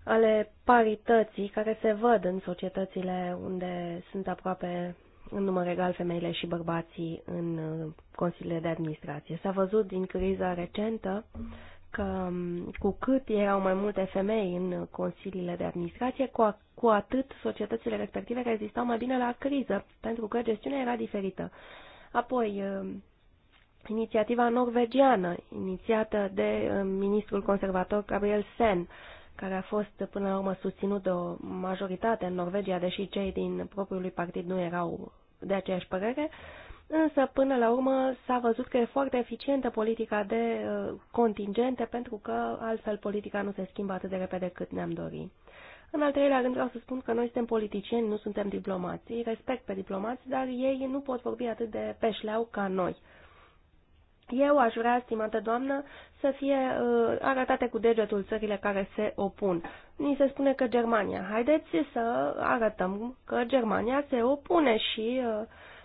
ale parității care se văd în societățile unde sunt aproape în număr egal femeile și bărbații în uh, consiliile de administrație. S-a văzut din criza recentă că um, cu cât erau mai multe femei în consiliile de administrație, cu, cu atât societățile respective rezistau mai bine la criză, pentru că gestiunea era diferită. Apoi, um, inițiativa norvegiană, inițiată de um, ministrul conservator Gabriel Sen, care a fost până la urmă susținut de o majoritate în Norvegia, deși cei din propriului partid nu erau de aceeași părere, însă până la urmă s-a văzut că e foarte eficientă politica de uh, contingente pentru că altfel politica nu se schimbă atât de repede cât ne-am dorit. În al treilea rând vreau să spun că noi suntem politicieni, nu suntem diplomați. Îi respect pe diplomați, dar ei nu pot vorbi atât de peșleau ca noi. Eu aș vrea, stimată doamnă, să fie uh, arătate cu degetul țările care se opun. Ni se spune că Germania. Haideți să arătăm că Germania se opune și uh,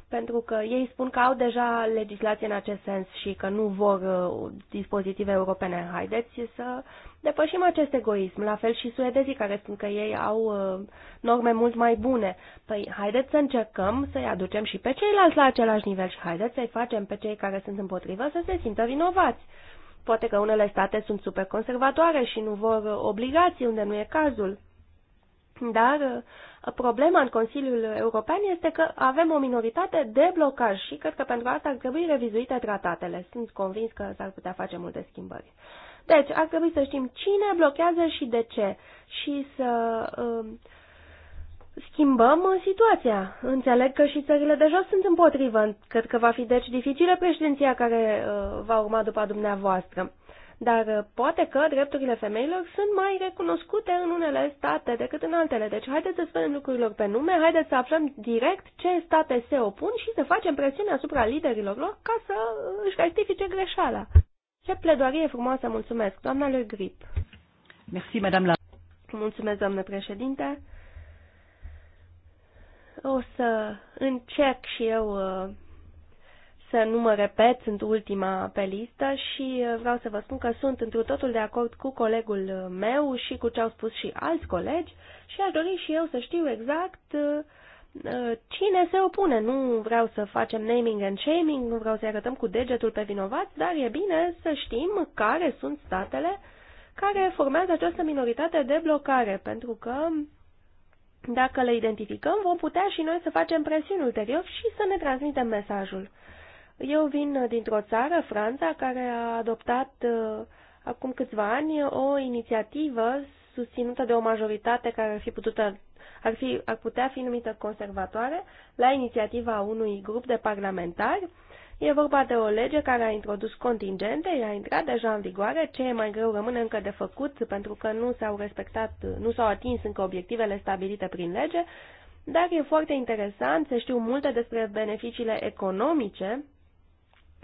pentru că ei spun că au deja legislație în acest sens și că nu vor uh, dispozitive europene. Haideți să depășim acest egoism, la fel și suedezii care spun că ei au uh, norme mult mai bune. Păi haideți să încercăm să-i aducem și pe ceilalți la același nivel și haideți să-i facem pe cei care sunt împotrivă să se simtă vinovați. Poate că unele state sunt super conservatoare și nu vor uh, obligații unde nu e cazul. Dar uh, problema în Consiliul European este că avem o minoritate de blocaj și cred că pentru asta ar trebui revizuite tratatele. Sunt convins că s-ar putea face multe schimbări. Deci, ar trebui să știm cine blochează și de ce și să uh, schimbăm situația. Înțeleg că și țările de jos sunt împotrivă. Cred că va fi deci dificilă președinția care uh, va urma după dumneavoastră dar uh, poate că drepturile femeilor sunt mai recunoscute în unele state decât în altele. Deci haideți să spunem lucrurilor pe nume, haideți să aflăm direct ce state se opun și să facem presiune asupra liderilor lor ca să uh, își rectifice greșeala. Ce pledoarie frumoasă, mulțumesc, doamna lui Grip. Merci, madame la... Mulțumesc, doamnă președinte. O să încerc și eu uh, să nu mă repet, sunt ultima pe listă și uh, vreau să vă spun că sunt întru totul de acord cu colegul uh, meu și cu ce au spus și alți colegi și aș dori și eu să știu exact uh, cine se opune. Nu vreau să facem naming and shaming, nu vreau să arătăm cu degetul pe vinovați, dar e bine să știm care sunt statele care formează această minoritate de blocare, pentru că dacă le identificăm, vom putea și noi să facem presiuni ulterior și să ne transmitem mesajul. Eu vin dintr-o țară, Franța, care a adoptat uh, acum câțiva ani o inițiativă susținută de o majoritate care ar fi, putută, ar fi ar putea fi numită conservatoare la inițiativa unui grup de parlamentari. E vorba de o lege care a introdus contingente, ea a intrat deja în vigoare, ce e mai greu rămâne încă de făcut pentru că nu s-au respectat, nu s-au atins încă obiectivele stabilite prin lege, dar e foarte interesant, se știu multe despre beneficiile economice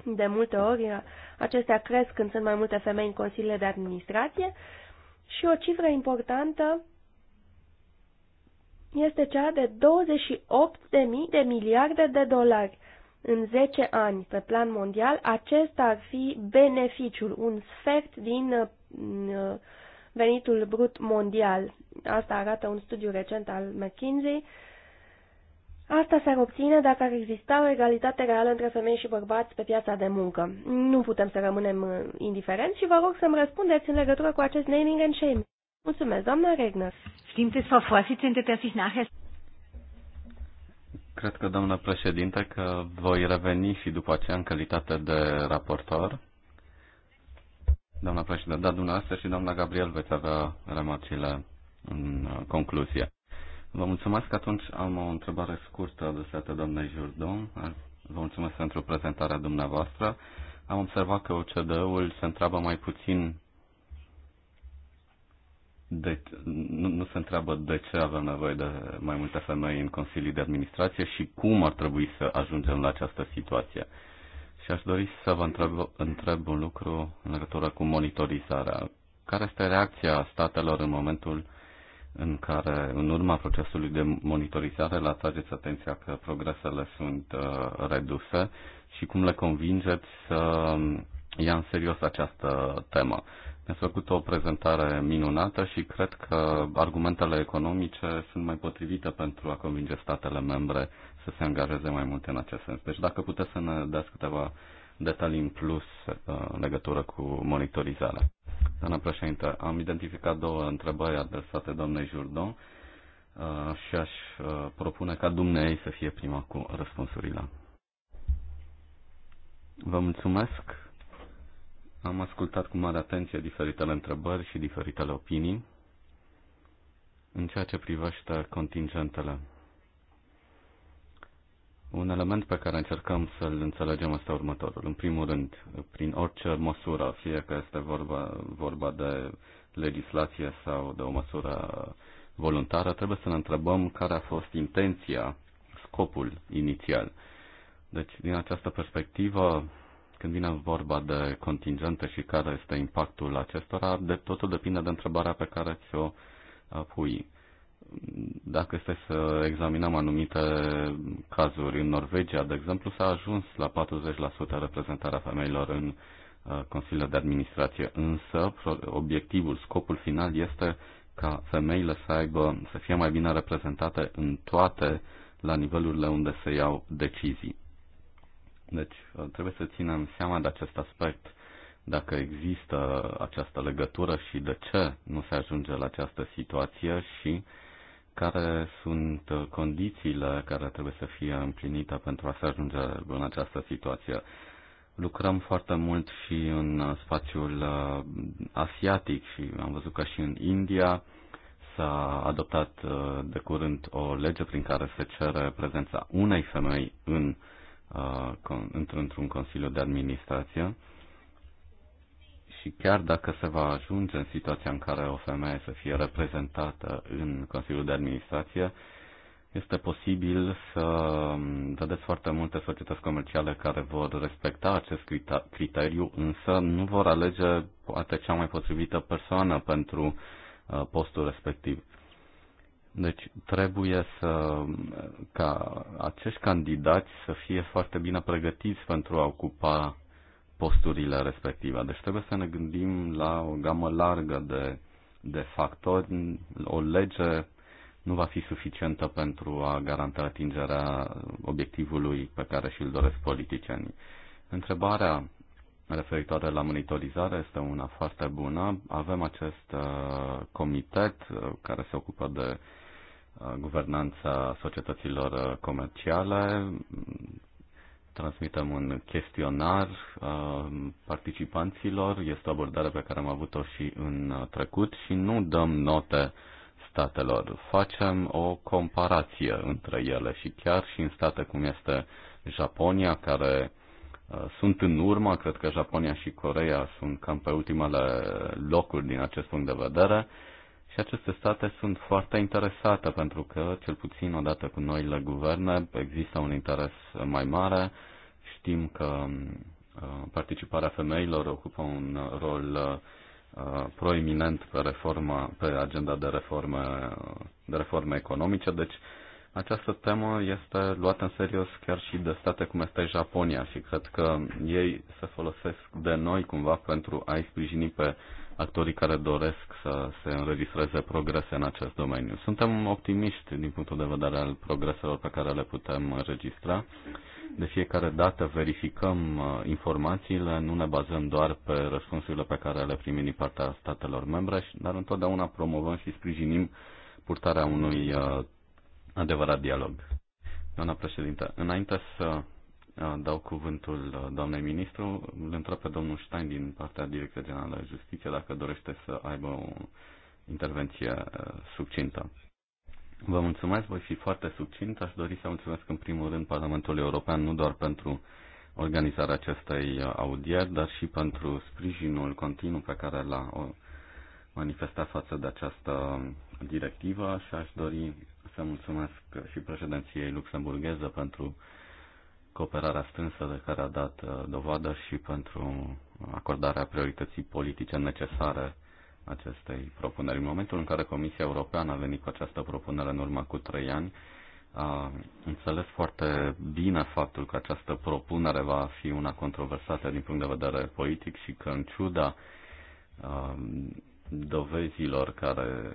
de multe ori acestea cresc când sunt mai multe femei în consiliile de administrație și o cifră importantă este cea de 28 de mii de miliarde de dolari în 10 ani pe plan mondial. Acesta ar fi beneficiul, un sfert din uh, mm, uh, venitul brut mondial. Asta arată un studiu recent al McKinsey Asta s-ar obține dacă ar exista o egalitate reală între femei și bărbați pe piața de muncă. Nu putem să rămânem uh, indiferenți și vă rog să-mi răspundeți în legătură cu acest naming and shame. Mulțumesc, doamna Regner. Stimmt es, Frau Vorsitzende, dass ich nachher... Cred că, doamna președinte, că voi reveni și după aceea în calitate de raportor. Doamna președinte, da, dumneavoastră și doamna Gabriel veți avea remarcile în uh, concluzie. Vă mulțumesc. Atunci am o întrebare scurtă adresată doamnei Jurdon. Vă mulțumesc pentru prezentarea dumneavoastră. Am observat că OCDE-ul se întreabă mai puțin de, nu, nu se întreabă de ce avem nevoie de mai multe femei în consilii de administrație și cum ar trebui să ajungem la această situație. Și aș dori să vă întreb, întreb un lucru în legătură cu monitorizarea. Care este reacția statelor în momentul uh, în care, în urma procesului de monitorizare, le atrageți atenția că progresele sunt uh, reduse și cum le convingeți să um, ia în serios această temă. Mi-ați făcut o prezentare minunată și cred că argumentele economice sunt mai potrivite pentru a convinge statele membre să se angajeze mai mult în acest sens. Deci dacă puteți să ne dați câteva uh, detalii în plus uh, în legătură cu monitorizarea. Doamna președinte, am identificat două întrebări adresate doamnei Jurdon uh, și aș uh, propune ca dumnei să fie prima cu răspunsurile. Vă mulțumesc. Am ascultat cu mare atenție diferitele întrebări și diferitele opinii în ceea ce privește contingentele. Un element pe care încercăm să-l înțelegem este următorul. În primul rând, prin orice măsură, fie că este vorba, vorba de legislație sau de o măsură voluntară, trebuie să ne întrebăm care a fost intenția, scopul inițial. Deci, din această perspectivă, când vine vorba de contingente și care este impactul acestora, de totul depinde de întrebarea pe care ți-o pui dacă este să examinăm anumite cazuri, în Norvegia, de exemplu, s-a ajuns la 40% reprezentarea femeilor în uh, Consiliul de Administrație, însă obiectivul, scopul final este ca femeile să aibă, să fie mai bine reprezentate în toate la nivelurile unde se iau decizii. Deci uh, trebuie să ținem seama de acest aspect, dacă există această legătură și de ce nu se ajunge la această situație și care sunt uh, condițiile care trebuie să fie împlinite pentru a se ajunge în această situație. Lucrăm foarte mult și în uh, spațiul uh, asiatic și am văzut că și în India s-a adoptat de curând o lege prin care se cere prezența unei femei în, într-un consiliu de administrație și chiar dacă se va ajunge în situația în care o femeie să fie reprezentată în Consiliul de Administrație, este posibil să mm, vedeți foarte multe societăți comerciale care vor respecta acest criteriu, însă nu vor alege poate cea mai potrivită persoană pentru uh, postul respectiv. Deci trebuie să, mm, ca acești candidați să fie foarte bine pregătiți pentru a ocupa posturile respective. Deci trebuie să ne gândim la o gamă largă de, de factori. O lege nu va fi suficientă pentru a garanta atingerea obiectivului pe care și-l doresc politicienii. Întrebarea referitoare la monitorizare este una foarte bună. Avem acest uh, comitet uh, care se ocupă de uh, guvernanța societăților comerciale transmitem un chestionar uh, participanților, este o abordare pe care am avut-o și în trecut și nu dăm note statelor. Facem o comparație între ele și chiar și în state cum este Japonia, care uh, sunt în urmă, cred că Japonia și Coreea sunt cam pe ultimele locuri din acest punct de vedere, și aceste state sunt foarte interesate pentru că, cel puțin odată cu noile guverne, există un interes mai mare. Știm că uh, participarea femeilor ocupă un rol uh, proeminent pe, reforma, pe agenda de reforme, de reforme economice, deci această temă este luată în serios chiar și de state cum este Japonia și cred că ei se folosesc de noi cumva pentru a-i sprijini pe uh, actorii care doresc să se înregistreze progrese în acest domeniu. Suntem optimiști din punctul de vedere al progreselor pe care le putem înregistra. De fiecare dată verificăm uh, informațiile, nu ne bazăm doar pe răspunsurile pe care le primim din partea statelor membre, dar întotdeauna promovăm și sprijinim purtarea unui uh, adevărat dialog. Doamna președinte, înainte să Uh, dau cuvântul uh, doamnei ministru. Îl întreb pe domnul Stein din partea Direcției Generală Justiție dacă dorește să aibă o intervenție uh, succintă. Vă mulțumesc, voi fi foarte succint. Aș dori să mulțumesc în primul rând Parlamentului European nu doar pentru organizarea acestei audieri, dar și pentru sprijinul continuu pe care l-a manifestat față de această directivă și aș dori să mulțumesc și președinției luxemburgheză pentru cooperarea strânsă de care a dat uh, dovadă și pentru acordarea priorității politice necesare acestei propuneri. În momentul în care Comisia Europeană a venit cu această propunere în urmă cu trei ani, a înțeles foarte bine faptul că această propunere va fi una controversată din punct de vedere politic și că în ciuda uh, dovezilor care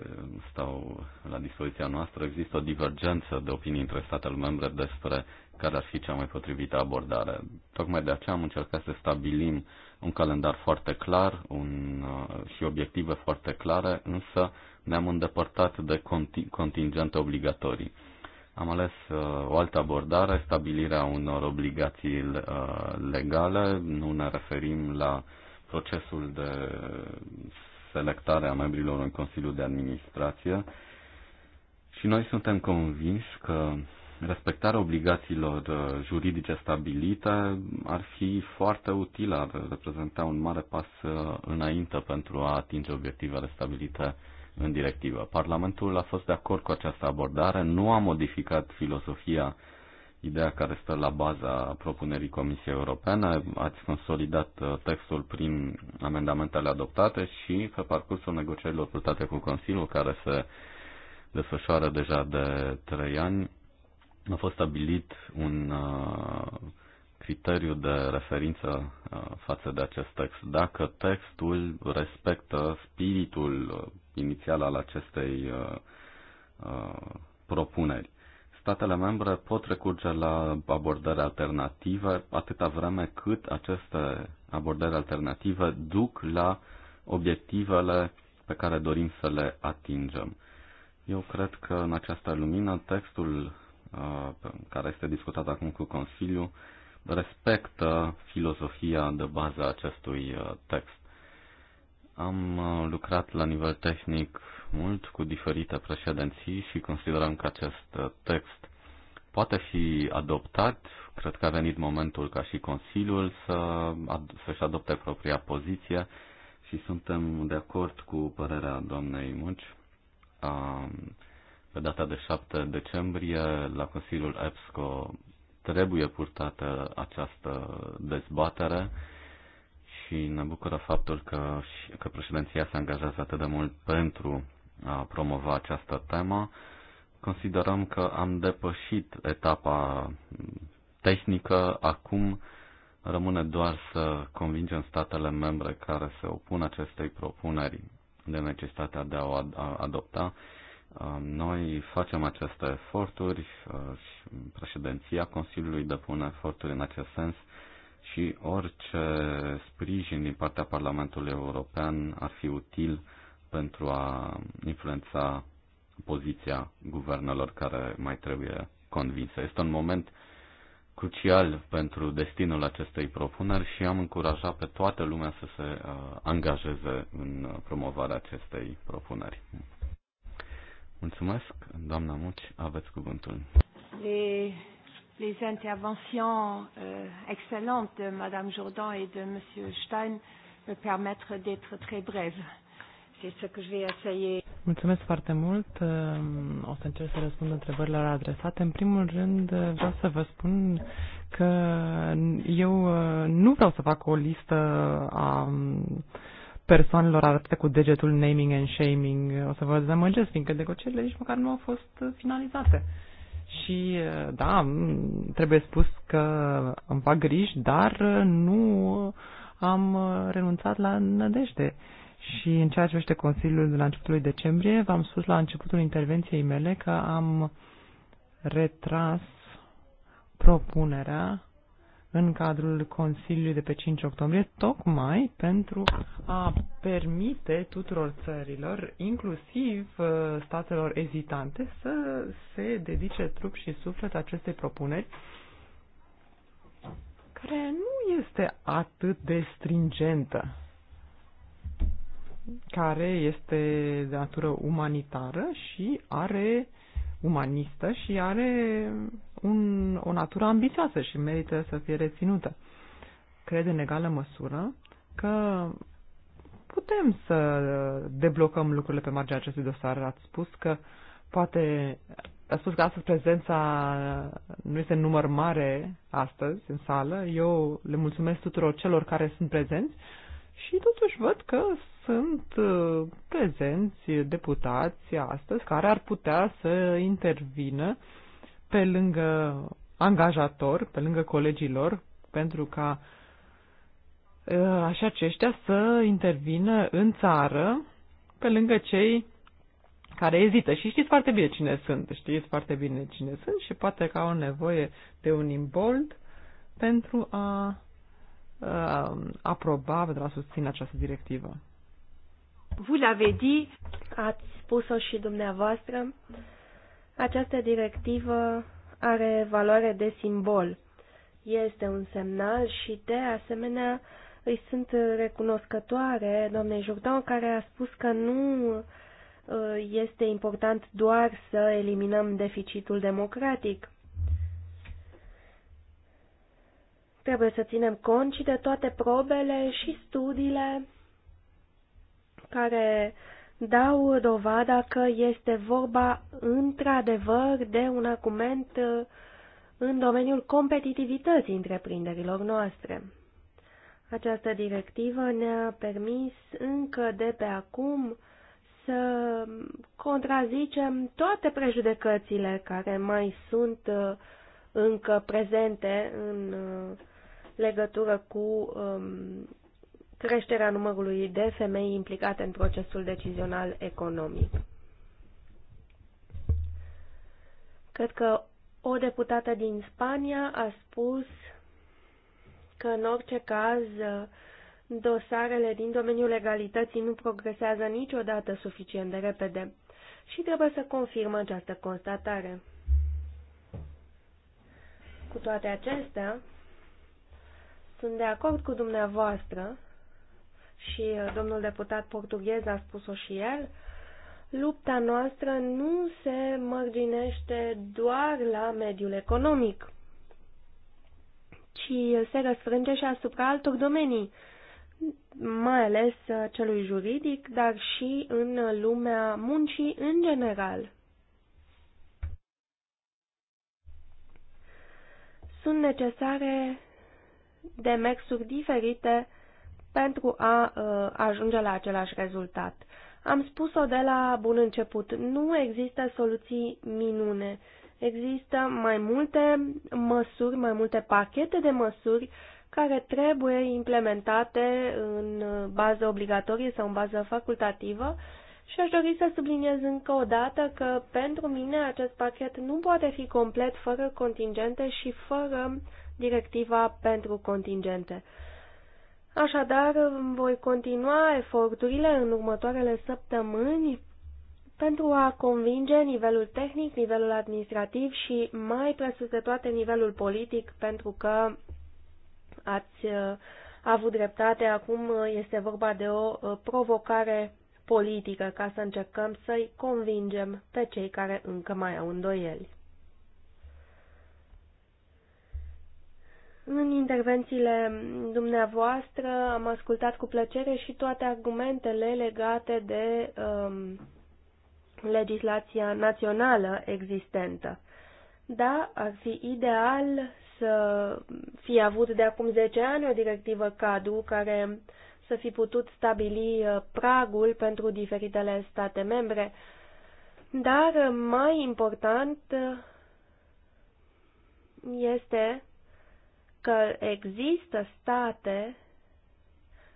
stau la dispoziția noastră, există o divergență de opinii între statele membre despre care ar fi cea mai potrivită abordare. Tocmai de aceea am încercat să stabilim un calendar foarte clar un, uh, și obiective foarte clare, însă ne-am îndepărtat de contingente obligatorii. Am ales uh, o altă abordare, stabilirea unor obligații uh, legale. Nu ne referim la procesul de selectarea a membrilor în Consiliul de Administrație și noi suntem convinși că respectarea obligațiilor uh, juridice stabilite ar fi foarte utilă, ar reprezenta un mare pas uh, înainte pentru a atinge obiectivele stabilite în directivă. Parlamentul a fost de acord cu această abordare, nu a modificat filosofia ideea care stă la baza propunerii Comisiei Europene. Ați consolidat uh, textul prin amendamentele adoptate și pe parcursul negocierilor purtate cu Consiliul, care se desfășoară deja de trei ani, a fost stabilit un uh, criteriu de referință uh, față de acest text. Dacă textul respectă spiritul inițial al acestei propuneri statele membre pot recurge la abordări alternative atâta vreme cât aceste abordări alternative duc la obiectivele pe care dorim să le atingem. Eu cred că în această lumină textul uh, care este discutat acum cu Consiliu respectă filozofia de bază a acestui uh, text. Am uh, lucrat la nivel tehnic mult cu diferite președinții și considerăm că acest text poate fi adoptat. Cred că a venit momentul ca și Consiliul să, să-și adopte propria poziție și suntem de acord cu părerea doamnei Munci. Pe data de 7 decembrie, la Consiliul EPSCO, trebuie purtată această dezbatere și ne bucură faptul că, că președinția se angajează atât de mult pentru a promova această temă. Considerăm că am depășit etapa tehnică, acum rămâne doar să convingem statele membre care se opun acestei propuneri de necesitatea de a o adopta. Uh, noi facem aceste eforturi uh, și președinția Consiliului depune eforturi în acest sens și orice sprijin din partea Parlamentului European ar fi util pentru a influența poziția guvernelor care mai trebuie convinsă. Este un moment crucial pentru destinul acestei propuneri și am încurajat pe toată lumea să se uh, angajeze în promovarea acestei propuneri. Mulțumesc, doamna Muci, aveți cuvântul. Les, les interventions euh, excellentes de Madame Jourdan et de Monsieur Stein me permettent d'être très brève. Mulțumesc foarte mult. O să încerc să răspund întrebărilor adresate. În primul rând, vreau să vă spun că eu nu vreau să fac o listă a persoanelor arătate cu degetul naming and shaming. O să vă dezamăgesc, fiindcă negocierile nici măcar nu au fost finalizate. Și da, trebuie spus că îmi fac griji, dar nu am renunțat la nădejde. Uh, și în ceea ce privește Consiliul de la începutul lui decembrie, v-am spus la începutul intervenției mele că am retras propunerea în cadrul Consiliului de pe 5 octombrie, tocmai pentru a permite tuturor țărilor, inclusiv uh, statelor ezitante, să se dedice trup și suflet acestei propuneri, care nu este atât de stringentă care este de natură umanitară și are umanistă și are un, o natură ambițioasă și merită să fie reținută. Cred în egală măsură că putem să deblocăm lucrurile pe marginea acestui dosar. Ați spus că poate a spus că astăzi prezența nu este număr mare astăzi în sală. Eu le mulțumesc tuturor celor care sunt prezenți și totuși văd că sunt uh, prezenți deputați astăzi care ar putea să intervină pe lângă angajator, pe lângă colegilor, pentru ca uh, așa aceștia să intervină în țară pe lângă cei care ezită și știți foarte bine cine sunt, știți foarte bine cine sunt și poate că au nevoie de un imbold pentru a Uh, aproba pentru a susține această directivă. Vous l'avez dit, ați spus-o și dumneavoastră, această directivă are valoare de simbol. Este un semnal și, de asemenea, îi sunt recunoscătoare doamnei Jourdan, care a spus că nu uh, este important doar să eliminăm deficitul democratic. Trebuie să ținem cont și de toate probele și studiile care dau dovada că este vorba într-adevăr de un argument uh, în domeniul competitivității întreprinderilor noastre. Această directivă ne-a permis încă de pe acum să contrazicem toate prejudecățile care mai sunt uh, încă prezente în uh, legătură cu um, creșterea numărului de femei implicate în procesul decizional economic. Cred că o deputată din Spania a spus că în orice caz dosarele din domeniul legalității nu progresează niciodată suficient de repede și trebuie să confirm această constatare. Cu toate acestea, sunt de acord cu dumneavoastră și uh, domnul deputat portughez a spus-o și el, lupta noastră nu se mărginește doar la mediul economic, ci se răsfrânge și asupra altor domenii, mai ales uh, celui juridic, dar și în lumea muncii în general. Sunt necesare demersuri diferite pentru a uh, ajunge la același rezultat. Am spus-o de la bun început, nu există soluții minune. Există mai multe măsuri, mai multe pachete de măsuri care trebuie implementate în bază obligatorie sau în bază facultativă și aș dori să subliniez încă o dată că pentru mine acest pachet nu poate fi complet fără contingente și fără directiva pentru contingente. Așadar, voi continua eforturile în următoarele săptămâni pentru a convinge nivelul tehnic, nivelul administrativ și mai presus de toate nivelul politic, pentru că ați uh, avut dreptate, acum uh, este vorba de o uh, provocare politică ca să încercăm să-i convingem pe cei care încă mai au îndoieli. În intervențiile dumneavoastră am ascultat cu plăcere și toate argumentele legate de um, legislația națională existentă. Da, ar fi ideal să fie avut de acum 10 ani o directivă cadru care să fi putut stabili uh, pragul pentru diferitele state membre, dar mai important este că există state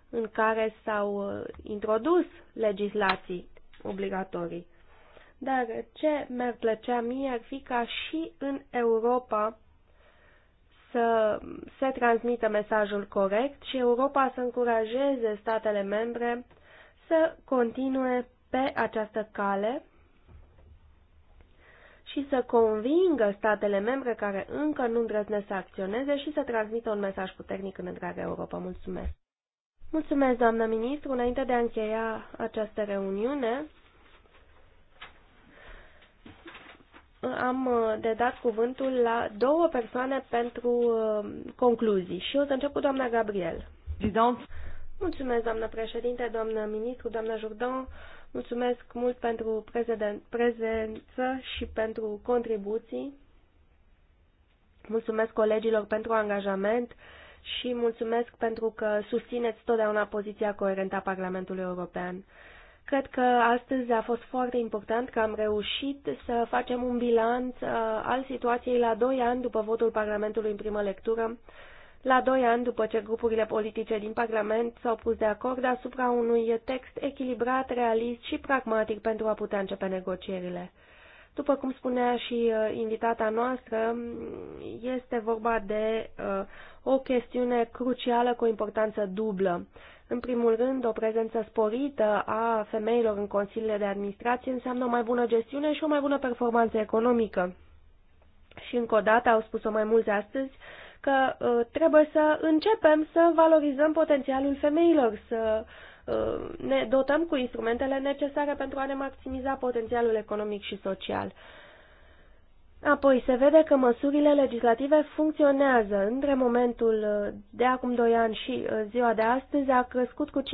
în care s-au uh, introdus legislații obligatorii. Dar ce mi-ar plăcea mie ar fi ca și în Europa să se transmită mesajul corect și Europa să încurajeze statele membre să continue pe această cale și să convingă statele membre care încă nu îndrăznesc să acționeze și să transmită un mesaj puternic în întreaga Europa. Mulțumesc! Mulțumesc, doamnă ministru! Înainte de a încheia această reuniune, am uh, de dat cuvântul la două persoane pentru uh, concluzii și o să încep cu doamna Gabriel. Mulțumesc, doamnă președinte, doamnă ministru, doamnă Jourdan. Mulțumesc mult pentru prezență și pentru contribuții. Mulțumesc colegilor pentru angajament și mulțumesc pentru că susțineți totdeauna poziția coerentă a Parlamentului European. Cred că astăzi a fost foarte important că am reușit să facem un bilanț uh, al situației la doi ani după votul Parlamentului în primă lectură la doi ani după ce grupurile politice din Parlament s-au pus de acord asupra unui text echilibrat, realist și pragmatic pentru a putea începe negocierile. După cum spunea și uh, invitata noastră, este vorba de uh, o chestiune crucială cu o importanță dublă. În primul rând, o prezență sporită a femeilor în consiliile de administrație înseamnă o mai bună gestiune și o mai bună performanță economică. Și încă o dată, au spus-o mai mulți astăzi, că uh, trebuie să începem să valorizăm potențialul femeilor, să uh, ne dotăm cu instrumentele necesare pentru a ne maximiza potențialul economic și social. Apoi se vede că măsurile legislative funcționează. Între momentul ă, de acum 2 ani și ziua de astăzi a crescut cu 50%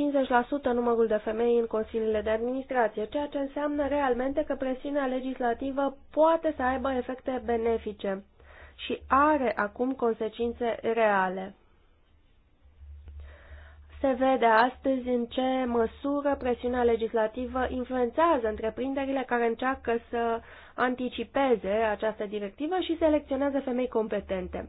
numărul de femei în consiliile de administrație, ceea ce înseamnă realmente că presiunea legislativă poate să aibă efecte benefice și are acum consecințe reale. Se vede astăzi în ce măsură presiunea legislativă influențează întreprinderile care încearcă să anticipeze această directivă și selecționează femei competente.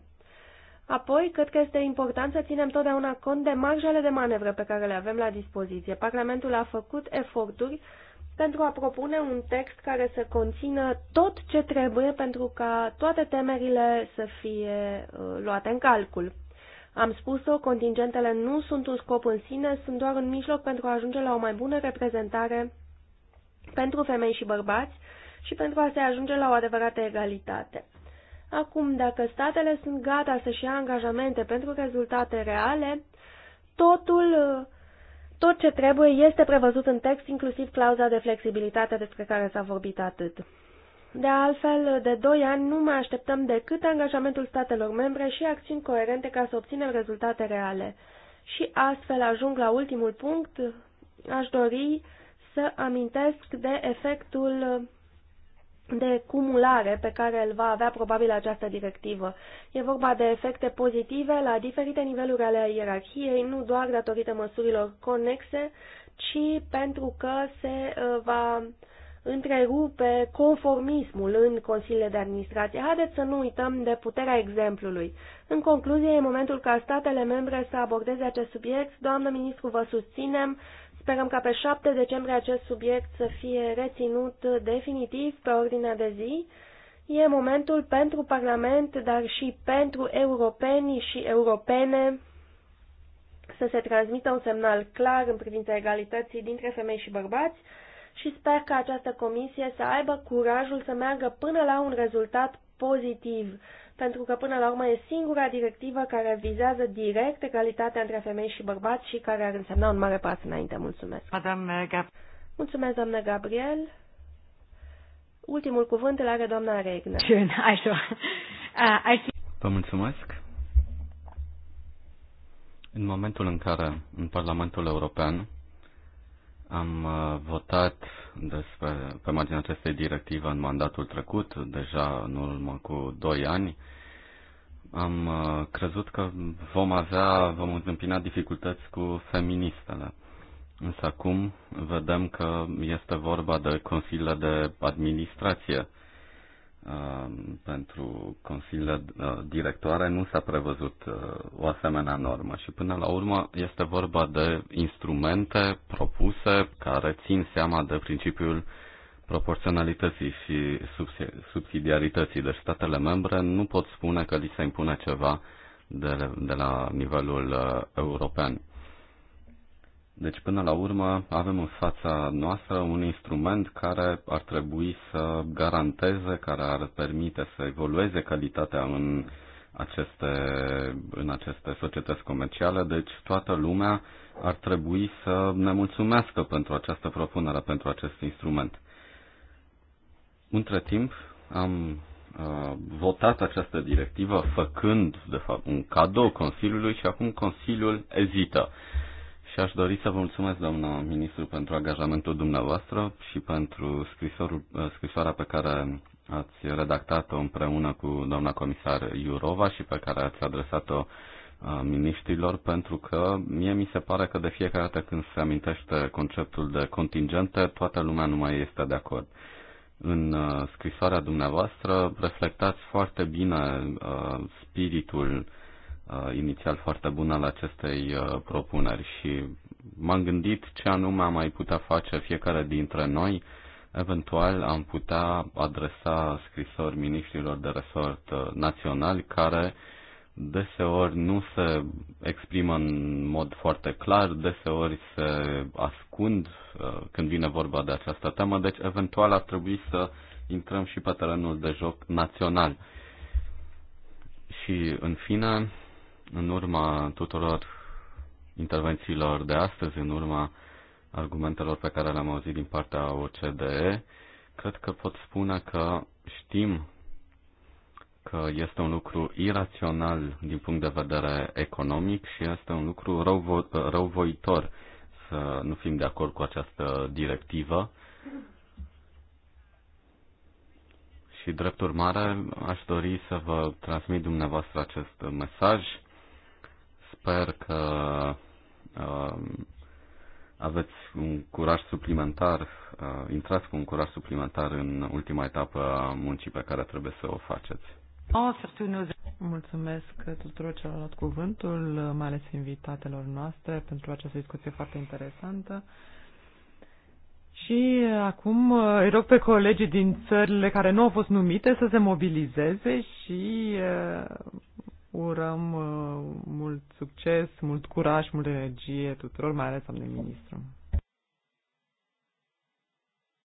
Apoi, cred că este important să ținem totdeauna cont de marjele de manevră pe care le avem la dispoziție. Parlamentul a făcut eforturi pentru a propune un text care să conțină tot ce trebuie pentru ca toate temerile să fie uh, luate în calcul. Am spus-o, contingentele nu sunt un scop în sine, sunt doar un mijloc pentru a ajunge la o mai bună reprezentare pentru femei și bărbați și pentru a se ajunge la o adevărată egalitate. Acum, dacă statele sunt gata să-și ia angajamente pentru rezultate reale, totul uh, tot ce trebuie este prevăzut în text, inclusiv clauza de flexibilitate despre care s-a vorbit atât. De altfel, de doi ani nu mai așteptăm decât angajamentul statelor membre și acțiuni coerente ca să obținem rezultate reale. Și astfel ajung la ultimul punct, aș dori să amintesc de efectul de cumulare pe care îl va avea probabil această directivă. E vorba de efecte pozitive la diferite niveluri ale ierarhiei, nu doar datorită măsurilor conexe, ci pentru că se uh, va întrerupe conformismul în consiliile de administrație. Haideți să nu uităm de puterea exemplului. În concluzie, e momentul ca statele membre să abordeze acest subiect. Doamnă ministru, vă susținem Sperăm ca pe 7 decembrie acest subiect să fie reținut definitiv pe ordinea de zi. E momentul pentru Parlament, dar și pentru europeni și europene să se transmită un semnal clar în privința egalității dintre femei și bărbați și sper că această comisie să aibă curajul să meargă până la un rezultat pozitiv pentru că până la urmă e singura directivă care vizează direct egalitatea între femei și bărbați și care ar însemna un mare pas înainte. Mulțumesc. Madame uh, Gab- Mulțumesc, doamnă Gabriel. Ultimul cuvânt îl are doamna Regna. Uh, Vă mulțumesc. În momentul în care în Parlamentul European am uh, votat despre, pe marginea acestei directive în mandatul trecut, deja în urmă cu 2 ani. Am uh, crezut că vom avea, vom întâmpina dificultăți cu feministele. Însă acum vedem că este vorba de consiliile de administrație Um, pentru consiliile uh, directoare nu s-a prevăzut uh, o asemenea normă și până la urmă este vorba de instrumente propuse care țin seama de principiul proporționalității și subsidiarității. Deci statele membre nu pot spune că li se impune ceva de, de la nivelul uh, european. Deci, până la urmă, avem în fața noastră un instrument care ar trebui să garanteze, care ar permite să evolueze calitatea în aceste, în aceste societăți comerciale. Deci, toată lumea ar trebui să ne mulțumească pentru această propunere, pentru acest instrument. Între timp, am uh, votat această directivă făcând, de fapt, un cadou Consiliului și acum Consiliul ezită. Și aș dori să vă mulțumesc, doamnă ministru, pentru angajamentul dumneavoastră și pentru scrisorul, uh, scrisoarea pe care ați redactat-o împreună cu doamna comisar Iurova și pe care ați adresat-o uh, miniștrilor, pentru că mie mi se pare că de fiecare dată când se amintește conceptul de contingente, toată lumea nu mai este de acord. În uh, scrisoarea dumneavoastră reflectați foarte bine spiritul uh, inițial foarte bun al acestei uh, propuneri și m-am gândit ce anume am mai putea face fiecare dintre noi. Eventual am putea adresa scrisori ministrilor de resort uh, naționali care deseori nu se exprimă în mod foarte clar, deseori se ascund uh, când vine vorba de această temă, deci eventual ar trebui să intrăm și pe terenul de joc național. Și în fine, în urma tuturor intervențiilor de astăzi, în urma argumentelor pe care le-am auzit din partea OCDE, cred că pot spune că știm că este un lucru irațional din punct de vedere economic și este un lucru răuvo- răuvoitor să nu fim de acord cu această directivă. Și drept urmare, aș dori să vă transmit dumneavoastră acest mesaj Sper că um, aveți un curaj suplimentar, uh, intrați cu un curaj suplimentar în ultima etapă a muncii pe care trebuie să o faceți. Oh, Mulțumesc tuturor celor luat cuvântul, mai ales invitatelor noastre, pentru această discuție foarte interesantă. Și acum uh, îi rog pe colegii din țările care nu au fost numite să se mobilizeze și uh, urăm uh, mult succes, mult curaj, mult energie tuturor, mai ales am de ministru.